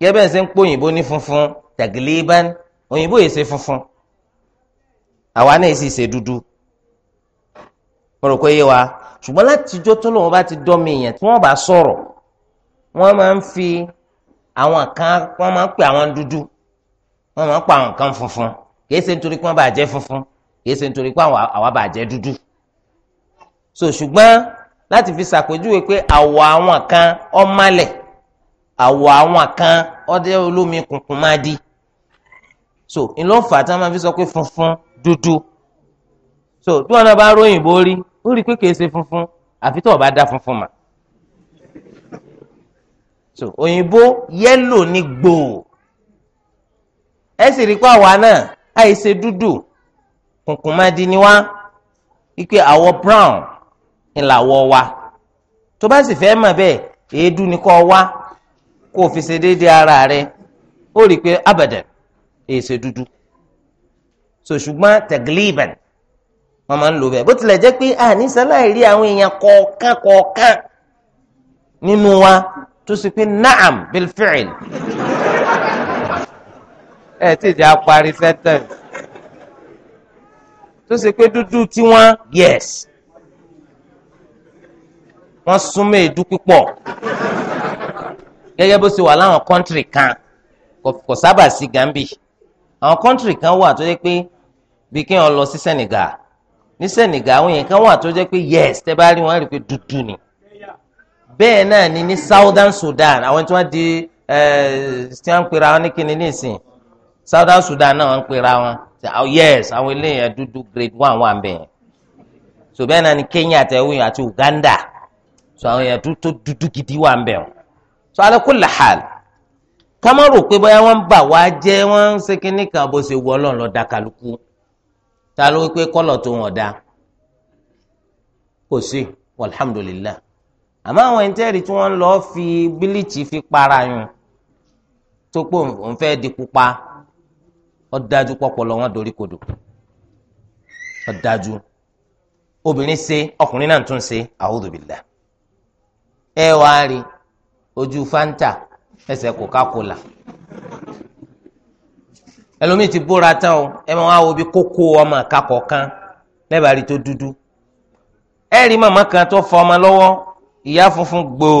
gẹ́gẹ́ ṣe ń pò òyìnbó ní funfun tagiliban òyìnbó yìí ṣe funfun àwa náà sì ṣe dúdú mo rò pé yé wa ṣùgbọ́n látijọ́ tó lòun bá ti dọ́mi èèyàn tí wọ́n bá sọ̀rọ̀ wọ́n máa ń fi àwọn kan wọ́n máa ń pè àwọn dúdú wọ́n máa ń pa àwọn kan funfun kìí ṣe nítorí pé wọ́n bá jẹ́ funfun kìí ṣe nítorí pé àwa bá jẹ́ dúdú so ṣùgbọ́n láti fi ṣàpèjúwe pé àwọ̀ àwọn kan ọmọlẹ̀ àwọ̀ àwọn kan ọdẹ olómi kùnkùn máa di so ìlọ́fà tí wọ́n máa fi sọ pé funfun dúdú so bí wọn náà bá ròyìn bó rí ó rí i pé kìí ṣe funfun àfi tó o bá dá funfun mà so òyìnbó yẹ́lò ní gbòò ẹ sì rí i pé àwa náà àìṣe dúdú kùnkùn máa di ni wá àwọ̀ brown ìlàwọ̀ wa tó bá sì fẹ́ mọ̀ bẹ́ẹ̀ èédú ni kò wá kó o fi ṣe déédéé ara rẹ ó rí i pé abẹ̀dẹ̀ èèṣe dúdú so ṣùgbọ́n tẹ̀glíbẹ̀n wọ́n máa ń lò bẹ́ẹ̀ bó tilẹ̀ jẹ́ pé a ní sáláìrí àwọn èèyàn kọ̀ọ̀kan kọ̀ọ̀kan nínú wa tó sì pé naam bilfiil ẹ tí ìjà parí sentence tó ṣe pé dúdú tiwọn yes wọ́n súnmọ́ èédú púpọ̀ gẹ́gẹ́ bó ṣe wà láwọn kọ́ńtìrì kan kò sábà sí gambi àwọn kọ́ńtìrì kan wà tó yẹ pé bí kéèyàn lọ sí Senegal ní Senegal àwọn yẹn kan wà tó jẹ́ pé yes tẹ́ bá rí wọn rí pé dúdú ni bẹ́ẹ̀ náà ni ní Southern Sudan àwọn tí wọ́n di eh, tí wọ́n ń pera wọn ní kíni nísìn Southern Sudan náà wọ́n ń pera wọn yes àwọn eléyàn dúdú grade one wà bẹ́ẹ̀ so bẹ́ẹ̀ náà ni Kenya àtẹ̀wé àti Uganda so àwọn èèyàn tó dúdú gidi wà bẹ́ẹ̀ so ala kulli hal ká má rò pé bóyá wọ́n ń bà wá jẹ́ wọ́n ń ṣe kan bó ṣe wọ́ ọlọ́run lọ́ọ́ ta ló wípé kọ́lọ̀ tó wọn da kò sí alhamdulillah àmọ́ àwọn ẹ̀ńtẹ́rì tí wọ́n lọ́ọ́ fi bílíìtì fi para yun tó pò ń fẹ́ di pupa ó dájú pọpọlọ wọn dorí kodò ó dájú obìnrin ṣe ọkùnrin náà tún ṣe a'udhu billah ẹ wàá rí ojú fanta ẹsẹ̀ coca cola ẹlòmíì ti bóra tán o ẹ máa wo bí kókó ọmọ àkàkọ̀ kan lẹ́bàá rí tó dúdú ẹ rí màmá kan tó fọ ọmọ lọ́wọ́ ìyá funfun gbòò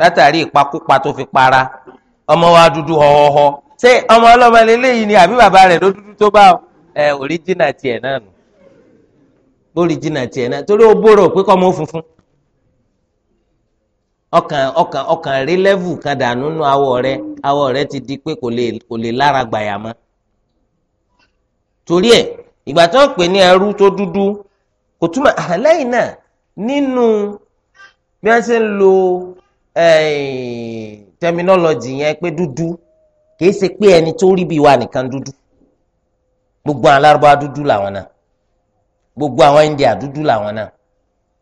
látàrí ìpakúpa tó fi para ọmọ wa dúdú họhọhọ ṣé ọmọ ọlọ́mọ ni àbí bàbá rẹ̀ ló dúdú tó bá ẹ torí ẹ̀ ìgbà tó ń pè ní ẹrú tó dúdú kò túmọ̀ àlẹ́yìn náà nínú bí wọ́n ṣe ń lo eh, terminology yẹn pé dúdú kìí ṣe pé ẹni tó rí bí wa nìkan dúdú gbogbo àwọn dúdú làwọn náà gbogbo àwọn India dúdú làwọn náà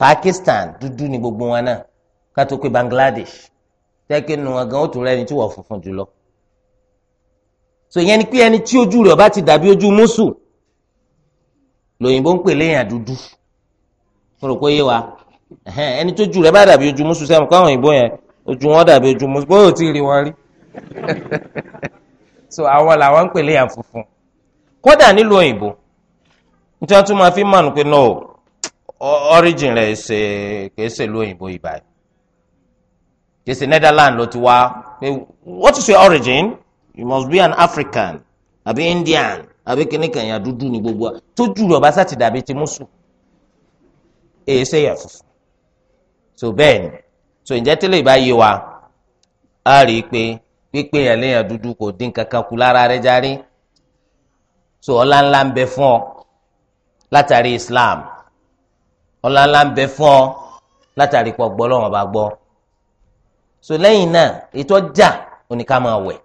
Pakistan dúdú ni gbogbo wọn náà ká tó pé Bangladesh tẹ́kínú ọ̀gán ó tún rẹ́ni tí wọ́n funfun jùlọ so ìyẹn ni pé ẹni tí ojú rẹ̀ ọba ti dàbí ojú mùsù lòyìnbó ń pè léèyàn dúdú mo rò pé yé wa ẹni tó ojú rẹ̀ bá dàbí ojú mùsù sẹ́mu káwọn òyìnbó yẹn ojú wọn dàbí ojú mùsù bóyá ò tí ì rí wọn rí so àwọn làwọn ń pè léèyàn funfun kódà nílùú òyìnbó nítorí wọn tún máa fi mọ̀nù pé no origin rẹ̀ ṣe kìí ṣe ìlú òyìnbó ìbàdàn kìí ṣe Netherlands ló ti wá what is your origin? you must be an African àbí Indian àbí kìnnìkan yà dúdú ní gbogbo tójú rẹ̀ ọba sátì dàbí ti mùsùlùmí èyí ṣe yà funfun so bẹ́ẹ̀ ni so ǹjẹ́ tẹ́lẹ̀ ìbá yé wa a rí i pé pípé yàn léyàn dúdú kò dín kankan kù lára rẹ̀ járe so ọlá ńlá ń bẹ fún ọ látàrí Islam ọlá ńlá ń bẹ fún ọ látàrí pọ̀ gbọ́ lọ́wọ́n bá gbọ́ so lẹ́yìn náà ètò ọjà oníkà máa wẹ̀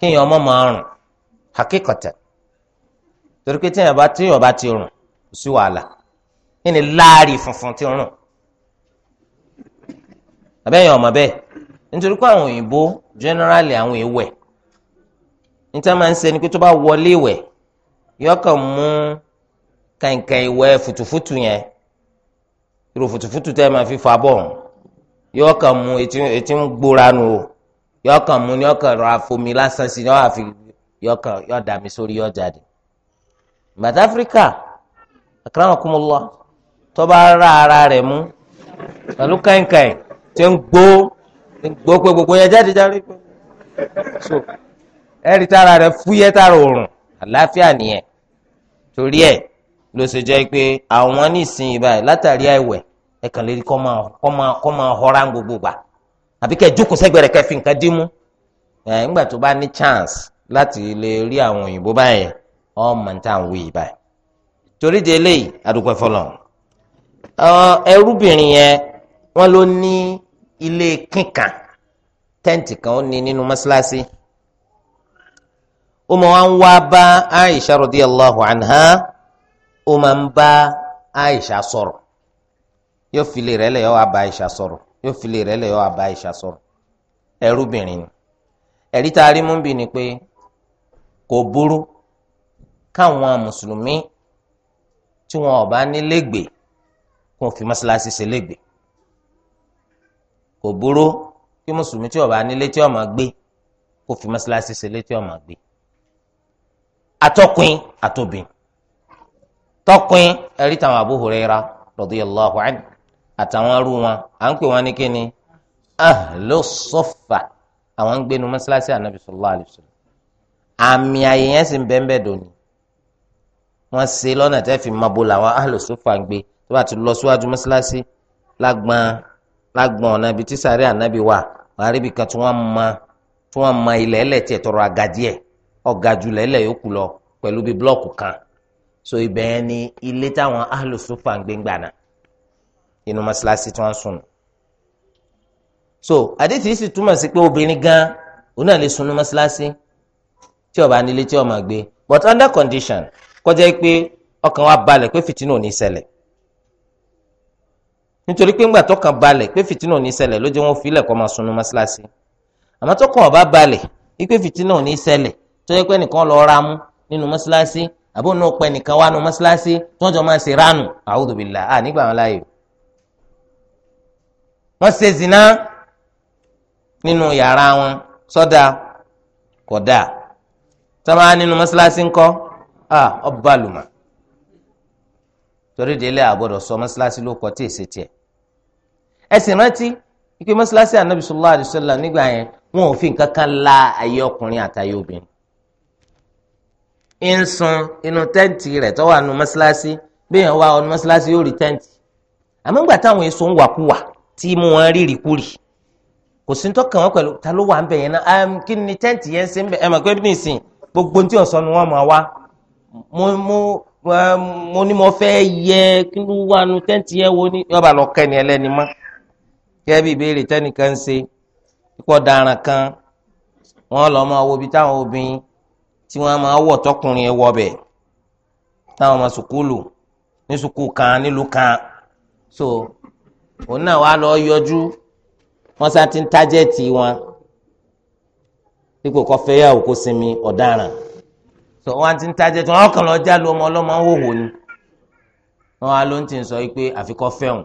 kéèyàn ọmọ máa rùn hakíkọ̀tẹ̀ torí pé bá ti rùn sí wàhálà kí ni láàárín funfun ti rùn ọmọ bẹ́ẹ̀ nítorí pé àwọn òyìnbó generally àwọn èèwẹ̀ níta máa ń ṣe ni pé tó kànkàn ìwẹ̀ fùtùfùtù yẹn irú fùtùfùtù tẹ́ yọkàn mu ni yọkàn rọ afomi lásán sí ni yọkàn fi yọkàn yọdà mi sórí yọjáde South Africa akramakumullah tó bá ra ara rẹ̀ mú pẹ̀lú kàìnkàìn tí ń gbó ń gbó pé gbogbo yẹn jáde jáde pé so ẹ̀rí tára rẹ̀ fúyẹ́ tára òrùn àláfíà nìyẹn torí ẹ̀ ló ṣe jẹ́ pé àwọn nísìnyí báyìí látàrí àìwẹ̀ ẹ̀kànlélí kọ́ máa kọ́ máa kọ́ máa họra gbogbo gbà àbí kẹ́ jókòó sẹ́gbẹ̀rẹ̀ kẹ́ fi nǹkan dín mú ẹ̀ ńgbà tó bá ní chance láti lè rí àwọn òyìnbó báyẹn ọmọ níta ń wí báyìí torí de eléyìí adúpẹ́ fọlọ́ ẹrúbìnrin yẹn wọ́n ló ní ilé kínkàn tẹ́ǹtì kan ó ní nínú mọ́ṣáláṣí ó máa ń wá bá Aisha radiyallahu anha ó máa ń bá Aisha sọ̀rọ̀ yóò fi lè rẹ́lẹ̀ yóò wá bá Aisha sọ̀rọ̀ yóò fi lè rẹ́lẹ̀ yóò àbá Aisha sọ̀rọ̀ ẹrúbìnrin ni ẹ̀rí tá a rí mú bí ni pé kò burú káwọn mùsùlùmí tí wọn ò bá ní lẹ́gbẹ̀ẹ́ kó fi mọ́ṣáláṣí ṣe lẹ́gbẹ̀ẹ́ kò burú kí mùsùlùmí tí ò bá nílé tí gbé kó fi mọ́ṣáláṣí ṣe lé tí gbé atọ́kùn àtòbìn tọkùn ẹ̀rí táwọn Abu Huraira radiyallahu anhu àtàwọn arú wọn à ń pè wọn ní kíni ahlu sọfà àwọn ń gbénu mọ́sálásí ànábì sallallahu alaihi wasallam àmì àyè yẹn sì ń bẹ́ẹ̀ bẹ́ẹ̀ dòní wọ́n ṣe lọ́nà tẹ́ fi máa bo làwọn ahlu sọfà ń gbé tó bá ti lọ síwájú mọ́sálásí lágbọ́n lágbọ́n ọ̀nà ibi tí sàárẹ̀ ànábì wà wàá rí ibi kan tí wọ́n ma tí wọ́n ma ilẹ̀ ẹlẹ́tì ẹ̀ tọrọ àgàdìẹ̀ ọ̀gàjù lẹ́lẹ̀ yòókù lọ pẹ̀lú bíi blọ́ọ̀kù kan so ibẹ̀ yẹn ni ilé táwọn ahlu sọfà ń gbé ń gbà náà inú mọ́ṣáláṣí tí wọ́n sùn. so àdìsí yìí sì túmọ̀ sí pé obìnrin gan òun náà lè sunú mọ́ṣáláṣí tí ó nílé tí ó gbé but under condition kó jẹ́ pé ọkàn wa balẹ̀ pé fìtínà ò ní ṣẹlẹ̀ nítorí pé ńgbà tọkàn balẹ̀ pé fìtínà ò ní ṣẹlẹ̀ ló jẹ́ wọn filẹ̀ kó máa sunú mọ́ṣáláṣí àmọ́ tọkàn ọba balẹ̀ wípé fìtínà ò ní ṣẹlẹ̀ tó yẹ pé nìkan lọ ra mú nínú mọ́ṣáláṣí àbónú ọpẹ nìkan wá nu mọ́ṣáláṣí tí wọ́n jọ máa ṣe ránù a'udhu billah à nígbà wọn láàyè wọ́n ṣe zina nínú yàrá wọn sọ́dà kódà sábà nínú mọ́ṣáláṣí ńkọ́ ọba lùmọ̀ torí délé àgbọ̀dọ̀ sọ mọ́ṣáláṣí ló kọ́ tí èsì tiẹ̀ ẹ sì rántí ipe mọ́ṣáláṣí anabi sallallahu alaihi nígbà yẹn wọn ò fi nǹkan kan la ayé ọkùnrin àtayé obìnrin ń sun inú tẹ́ǹtì rẹ̀ tọ́wọ́ àánú mọ́ṣáláṣí bí èèyàn wá ọnu mọ́ṣáláṣí yóò rí tẹ́ǹtì àmọ́ ńgbà táwọn èso ń wàkúwà tí mú wọn rí ìrìkúrì kò sí tọ́kàn wọn pẹ̀lú ta ló wà ń bẹ̀ yẹn náà kí ni tẹ́ǹtì yẹn ṣe ń bẹ̀ ẹ mọ̀ pé nísìn gbogbo tí ọ̀sán ni wọ́n máa wá mo mo mo ní mo fẹ́ yẹ kí ló wà nu tẹ́ǹtì yẹn wo ni yọba lọ kẹ́ni ẹlẹ́ni mọ́ kẹ́ bí ìbéèrè tẹ́nìkan ń ṣe pípọ̀ daran kan wọ́n lọ máa wo ibi táwọn obìnrin tí wọ́n máa wọ̀ tọkùnrin ẹ̀ wọ táwọn ọmọ sùkúlù ní sùkúù kan nílùú kan so òun náà wàá lọ yọjú wọn sá ti ń tájẹ́ẹ̀tì wọn dípò kó fẹ́yàwó kó sinmi ọ̀daràn sọ wọn ti ń tájẹ́ẹ̀tì wọn kàn lọ já lu ọmọ ọlọ́mọ ń hòhò ni wọn á ló ń tì ń sọ pé àfikọ́ fẹ́hùn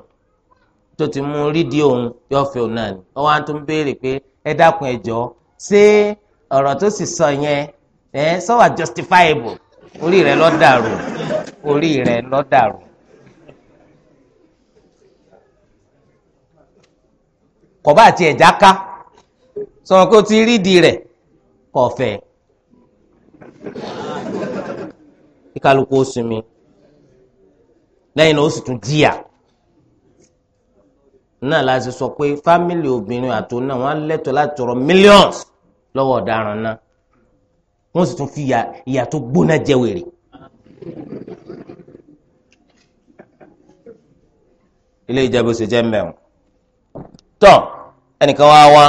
tó ti mú rídìí òun yọ fẹ́ òun náà ni wọn á tún béèrè pé ẹ dákun ẹ jọ̀ọ́ ṣé ọ̀rọ̀ tó sì sọ yẹn ẹ sọ wà justifiable orí rẹ lọ dàrú orí rẹ lọ kọ̀bá àti ẹ̀já ká sọ̀rọ̀ kó ti rí di rẹ̀ kọ̀fẹ́ kíkálukú ó sinmi lẹ́yìn náà ó sì tún jìyà náà la ṣe sọ pé fámìlì obìnrin àtò náà wọ́n á lẹ́tọ̀ọ́ láti tọrọ millions lọ́wọ́ ọ̀daràn náà wọ́n sì tún fi ìyà tó gbóná jẹ ilé ìjẹ́bù jẹ́ mẹ́rin tọ́ ẹnìkan wá wá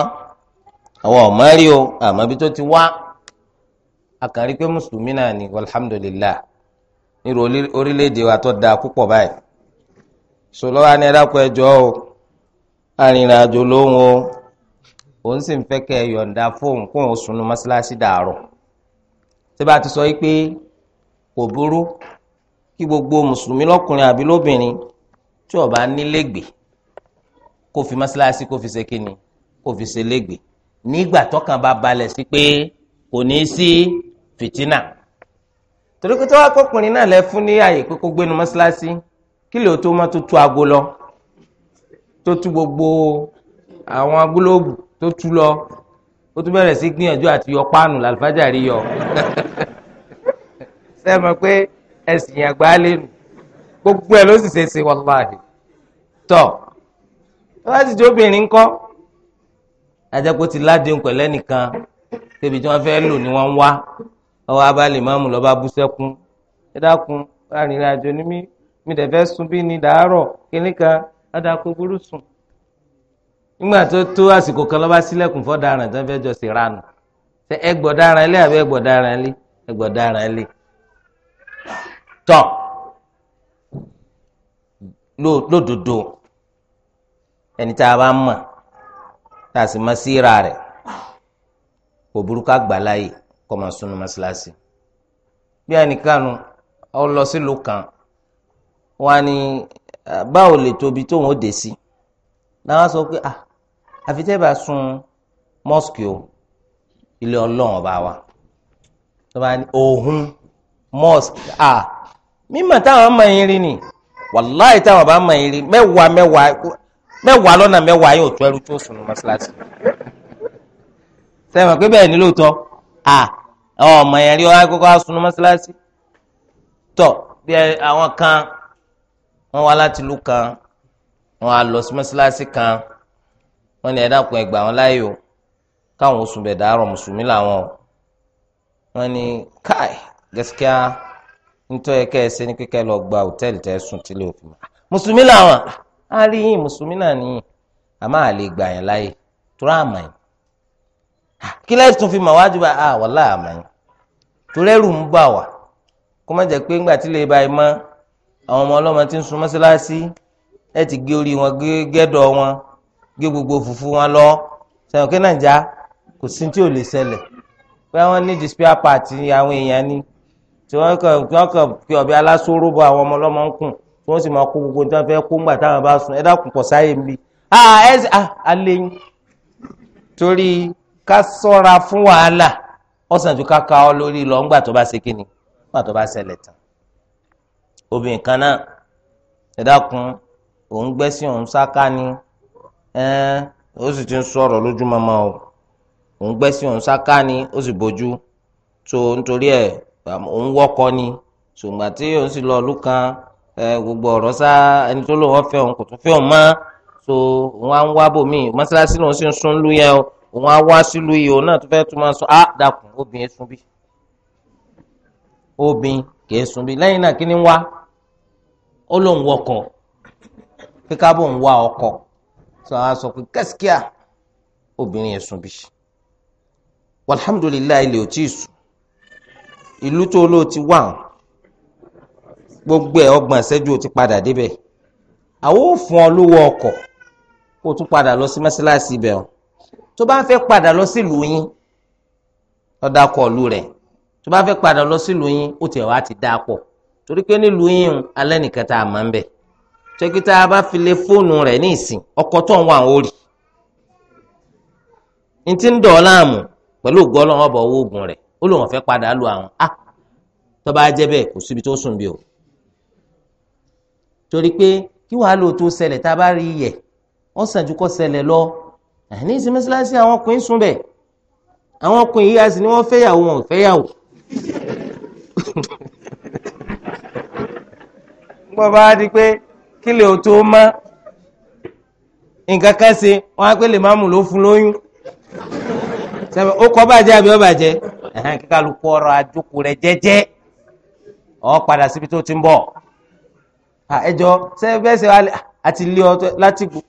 àwọn ọmọ rí o àmọ́ ibi tó ti wá àkàrí pé mùsùlùmí náà ni alhamdulillah nírú orílẹ̀-èdè wa tó da púpọ̀ báyìí sọlọ́ wa ní ẹ̀dákọ̀ ẹjọ́ o arìnrìnàjò lóhun o òun sì ń fẹ́ kẹ́ ẹ yọ̀ǹda fóun kóun ó sunu mọ́ṣáláṣí dàárọ̀ tí bá ti sọ yìí pé kò burú kí gbogbo mùsùlùmí lọ́kùnrin àbí lóbìnrin tí ó bá gbèé kó fi mọ́ṣáláṣí kó fi ṣe kíni kó fi ṣe légbè nígbà tọkàn bá balẹ̀ sí pé kò ní sí fìtínà torí pé tó wá pọkùnrin náà lẹ fún ní àyè pé kó gbénu mọ́ṣáláṣí kí lè o tó máa tó tú aago lọ tó tú gbogbo àwọn agúlóòbù tó tú lọ ó tún bẹ̀rẹ̀ sí gbìyànjú àti yọ páànù làlùfájà rí yọ ṣe é mọ̀ pé ẹ̀sìn àgbáálẹ̀ nù gbogbo ẹ̀ ló sì ṣe é ṣe wàláhì tọ́. wọ́n sì jẹ́ obìnrin nkọ. ajẹ́pọ̀ ti ládéhùn pẹ̀lẹ́ nìkan tẹ̀bi tí wọ́n fẹ́ lò ní wọ́n wá ọwọ́ abálẹ̀ mọ́mù lọ́ba bú sẹ́kún ẹ arìnrìnàjò ni mí mi dẹ̀ fẹ́ sùn bí ní dàárọ̀ kínní kan adakun burú sùn. nígbà tó tó àsìkò kan lọ́ba sílẹ̀kùn fọ́ tó fẹ́ jọ sí ranù ẹni tá a bá mọ̀ tá a sì mọ̀ síra rẹ̀ kò burúkú àgbàláyè kọ́ máa sunu mọ́ṣáláṣí bí ẹnìkanu ọ lọ sílùú kan wọn ni báwo lè tóbi tóun ó dé sí làwọn sọ pé ah àfi tẹ́ bá sun mọ́sùkì o ilé ọlọ́run ọba wa tọ́ba ni òhun mọ́sùkì a mímọ̀ táwọn mọ̀ yín rí ni wàláì táwọn bá mọ̀ yín rí mẹ́wàá mẹ́wàá mẹ́wàá lọ́nà mẹ́wàá yóò tó ẹrú tó sùn mọ́ṣáláṣí sẹ́wọ̀n pé bẹ́ẹ̀ ni lóòótọ́ à ọmọ yẹn rí ọ akókó asùn mọ́ṣáláṣí tọ̀ bí àwọn kan wọ́n wá láti ìlú kan wọ́n á lọ sí mọ́ṣáláṣí kan wọ́n ní ẹ̀dá kan ẹgbàá wọn láàyò káwọn oṣù bẹ̀ dàárọ̀ mùsùlùmí làwọn o wọ́n ní káì gẹ́síkíá nítorí ẹ̀kẹ́ ẹ̀sẹ̀ ní kíkẹ́ lọ gba hòtẹ́ẹ̀lì tẹ́ sùn tílé òfin mùsùlùmí làwọn á rí yín mùsùlùmí náà ní àmọ́ àlè gbà yẹn láyè torí àmọ́ yìí ah, kí lẹ́sìn tún fi mà wájú bá ah, a wọ́n láàmọ́ yìí torí ẹ̀rù ń bà wá kó má jẹ́ pé ńgbà tí lè ba ẹ mọ́ àwọn ọmọ ọlọ́mọ tí ń sun mọ́ṣáláṣí ẹ ti gé orí wọn gé gẹ́dọ̀ wọn gé gbogbo fùfú wọn lọ sẹ́yìn kí nàìjà kò sí tí ò lè ṣẹlẹ̀ pé wọ́n ní dispare part àwọn èèyàn ni tí wọ́n kàn pé ọbẹ̀ alásòro bọ àwọn ọmọ ọlọ́mọ ń kùn tí wọ́n sì máa kó gbogbo nítorí kó ńgbà táwọn bá sùn pọ̀ sáyé ń bi torí ká sọ́ra fún wàhálà ọ̀sán ju ká ọ lórí lọ ńgbà tó bá ṣe kíni ńgbà tó bá ṣẹlẹ̀ tán obìnrin ni ó sì ti ń sọ̀rọ̀ lójúmọ́mọ́ o òun gbẹ́sìn ni ó sì bójú tó nítorí ẹ̀ ni ṣùgbọ́n tí òun sì lọ gbogbo ọ̀rọ̀ sá ẹni tó lò wọ́n fẹ́ òun kò tún fẹ́ òun mọ́ so òun á ń wá bòmí mọ́sálásí lòun sì ń sún lú yẹn o òun á wá sílùú yìí òun náà tó fẹ́ tún máa sọ á dàkún obìnrin sún bí obìnrin kì í sún bí lẹ́yìn náà kí ni wá ó lóun wọkọ̀ kíkà bò ń wá ọkọ̀ sọ á sọ pé kẹ́síkíà obìnrin yẹn sún bí walhamdulilayi lè ò tí ì sùn ìlú tó lóò ti wà hàn gbogbo ẹ̀ ọgbọ̀n ìṣẹ́jú o ti padà débẹ̀ àwọn ò fún ọ lówó ọkọ̀ kó o tún padà lọ sí mọ́ṣáláṣí ibẹ̀ o tó bá ń fẹ́ padà lọ sílùú yín ọ̀dà kọ̀ ọ̀lú rẹ̀ tó bá fẹ́ padà lọ sílùú yín ó tiẹ̀ wá ti dá pọ̀ torí pé nílùú yín alẹ́ nìkan tá a máa ń bẹ̀ tẹ́kí bá fi lé fóònù rẹ̀ ní ìsìn ọkọ̀ tó ń wà ó rì ní ti ń dọ̀ láàmú pẹ̀lú ògùn ọlọ́run ọ̀bọ̀ owó oògùn rẹ̀ ó lóun fẹ́ padà lu àwọn ah! á jẹ́ bẹ́ẹ̀ kò síbi tó sùn bí o torí pé kí wàhálà ò tó ṣẹlẹ̀ tá a bá rí iyẹ̀ ó sàn ju kó ṣẹlẹ̀ lọ ní ìsìn mọ́ṣáláṣí àwọn ọkùnrin sùn bẹ̀ àwọn ọkùnrin yìí àti ni wọ́n fẹ́yàwó wọn ò fẹ́yàwó. gbọ́dọ̀ bá di pé kí lè o tó mọ́ nǹkan kan ṣe wọ́n á pé lè má mú ló fún lóyún sẹ́mi ó kọ́ bàjẹ́ àbí ó bàjẹ́ kíkà ọ̀rọ̀ àjókòó rẹ̀ jẹ́jẹ́ ọ̀ padà síbi tó ti ń bọ̀ ẹjọ́ sẹ́fẹ́sẹ́ àti ilé ọtọ láti gbò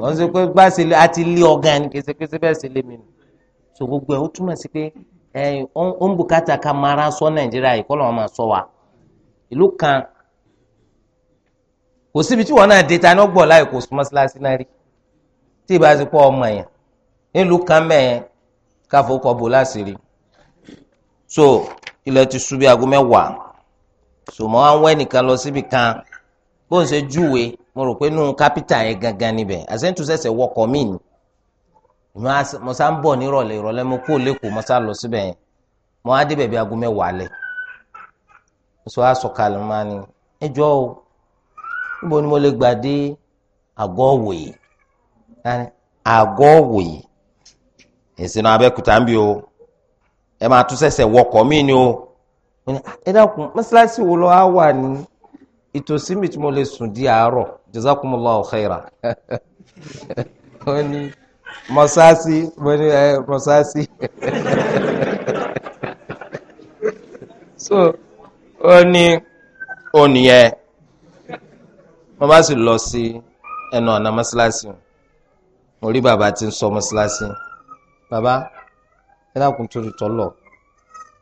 wọ́n sọ pé bá ṣe lé àti ilé ọ̀gá ni kìí ṣe pé sẹ́fẹ́ ṣe lé mi nù so gbogbo ẹ̀ ó túmọ̀ sí pé ó ń bùkátà ká mara sọ nàìjíríà yìí kọ́ lọ́wọ́ máa sọ wa ìlú kan kò síbi tí wọn náà dé ta ní ọgbọ láì kò súnmọ́ síláṣí náà rí tí ìbá ti pọ ọmọ yẹn nílùú kan mẹ́ẹ̀ káfọ́ kọ́ bò láṣìírí so ilẹ̀ ti ṣú bí aago mẹ́wàá. sùmọ́ wá ń wẹ́ nìkan lọ síbi kan bó ń ṣe júwe mo rò pé nù kápítà yẹn gangan níbẹ̀ àṣẹ́ntù wọkọ̀ mí ni mo sá ń bọ̀ nírọ̀lẹ́ ìrọ̀lẹ́ mo kó lẹ́kọ̀ọ́ mo lọ síbẹ̀ yẹn mo á aago mẹ́wàá lẹ̀ sọ máa ní ẹjọ́ o níbo ni mo lè gbà dé àgọ́ òwòye àgọ́ òwòye ìsìn náà abẹ́kúta ń bí o. ẹ dákun mọ́ṣáláṣí wo lọ́wọ́ wà ní ìtòsí mi tí mo lè sùn di àárọ̀ jazakumullahu khaira wọ́n ní mọ́ṣáláṣí wọ́n ní so ó ní ònìyẹn mo bá sì lọ sí ẹnu ọ̀nà mọ́ṣáláṣí mo rí bàbá tí ń sọ mọ́ṣáláṣí bàbá ẹ dákun torí tọ́lọ̀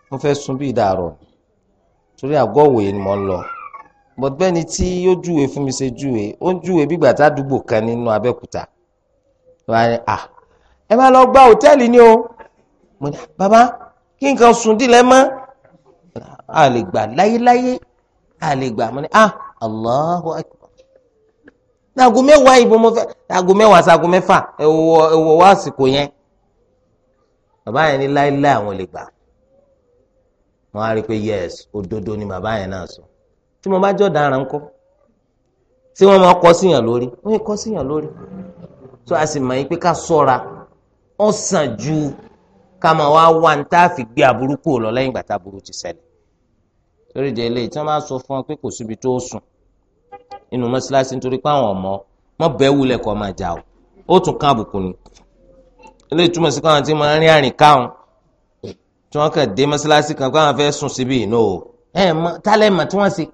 mo fẹ́ sùn bí ìdààrọ̀ ni torí àgọ́ òwòye ni mo ń lọ bọ́tbẹ́ni tí yóò júwe fún mi ṣe júwe ó ń júwe bí gbàtà àdúgbò kan nínú Abẹ́òkúta ẹ máa lọ gba hòtẹ́ẹ̀lì ni o bàbá kí nǹkan sùn dìlẹ̀ mọ́ a lè gbà láyéláyé a lè gbà mọ́ ni ah Allahu Akbar aago mẹ́wàá ìbò mo fẹ́ aago mẹ́wàá sí aago mẹ́fà ẹ̀wọ̀ wá àsìkò yẹn bàbá yẹn ní láyéláyé àwọn lè gbà wọn á rí i pé yes òdodo ni bàbá yẹn náà sọ tí mo bá jọ dára ńkọ́ tí wọn máa kọ síyàn lórí wọn yẹ kọ síyàn lórí tó a sì mọ̀ yín pé ká ṣọ́ra ó sàn ju ká máa wá wá ní tá a fi gbé aburú kúrò lọ lẹ́yìn ìgbà tá aburú ti ṣẹlẹ̀ torí ìdí eléyìí tí wọn máa sọ fún ọ pé kò síbi tó sùn nínú mọ́ṣáláṣí nítorí pé àwọn ọmọ mọ bẹ́ẹ̀ wulẹ̀ kọ́ máa jà ó tún ká àbùkù ni eléyìí túmọ̀ sí káwọn tí máa rí àrìn káwọn tí wọ́n kàn dé mọ́ṣáláṣí kan kó àwọn fẹ́ sùn síbi ìnú o ẹ mọ̀ tálẹ̀ mọ̀ tí wọ́n ṣe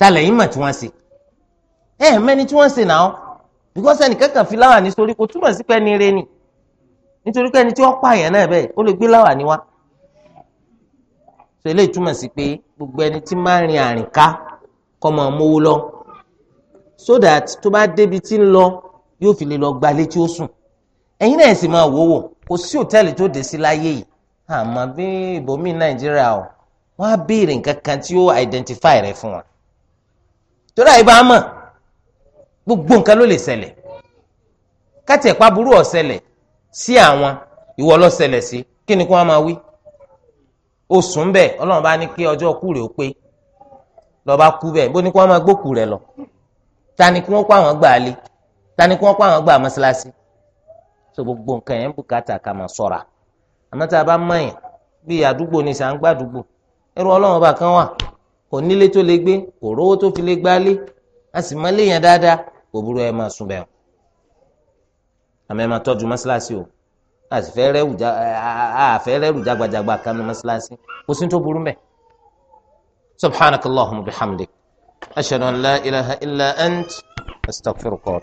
tálẹ̀ yìí mọ̀ tí wọ́n ṣe ẹ mẹ́ni tí wọ́n ṣe náà because ẹnìkan kan fi láwà ní sórí kò túmọ̀ sí pẹ́ ní eré ni nítorí pé ẹni tí wọ́n pààyàn náà bẹ́ẹ̀ ó lè gbé láwà ní wá so eléyìí túmọ̀ sí pé gbogbo ẹni tí máa ń rin àrìn ká kọ́ máa mówó lọ so that tó bá débi tí ń lọ yóò fi lè lọ gbalé tí ó sùn ẹ̀yin náà sì máa wò kò sí òtẹ́ẹ̀lì tó dé sí láyé yìí àmọ́ bí ibòmí nàìjíríà o wọ́n á béèrè nǹkan tí ó identify rẹ fún wa torí àyè bá a mọ̀ gbogbo nǹkan ló lè ṣẹlẹ̀ káti ẹ̀pá burú ọ̀ṣẹlẹ̀ sí àwọn ìwọ ló ṣẹlẹ̀ sí kí ni kí wọ́n máa wí oṣù ń bẹ̀ ọlọ́run bá ní kí ọjọ́ kú rẹ̀ ó pé lọ́ba kú bẹ́ẹ̀ bó ní kí wọ́n máa gbókù rẹ̀ lọ ta ni kí wọ́n kó àwọn gbà lé ta ni kí wọ́n kó àwọn gbà mọ́ṣáláṣí so gbogbo nǹkan yẹn ń bùkátà ká máa ṣọ́ra àmọ́ tá a bá mọ̀yàn bíi àdúgbò ní sàǹgbà àdúgbò ẹrú ọlọ́run ọba kan wà kò nílé tó lè gbé kò rówó tó fi lè gbálé a sì mọ léèyàn dáadáa kò burú ẹ máa sùn bẹ́ẹ̀ àmọ́ ẹ máa tọ́jú mọ́ṣáláṣí o àfẹ́ rẹ́rù jágbajàgba kanu mọ́ṣáláṣí kò sí tó burú mẹ́. subhanakallahumma bihamdik ashhadu an la ilaha illa ant astaghfiruka.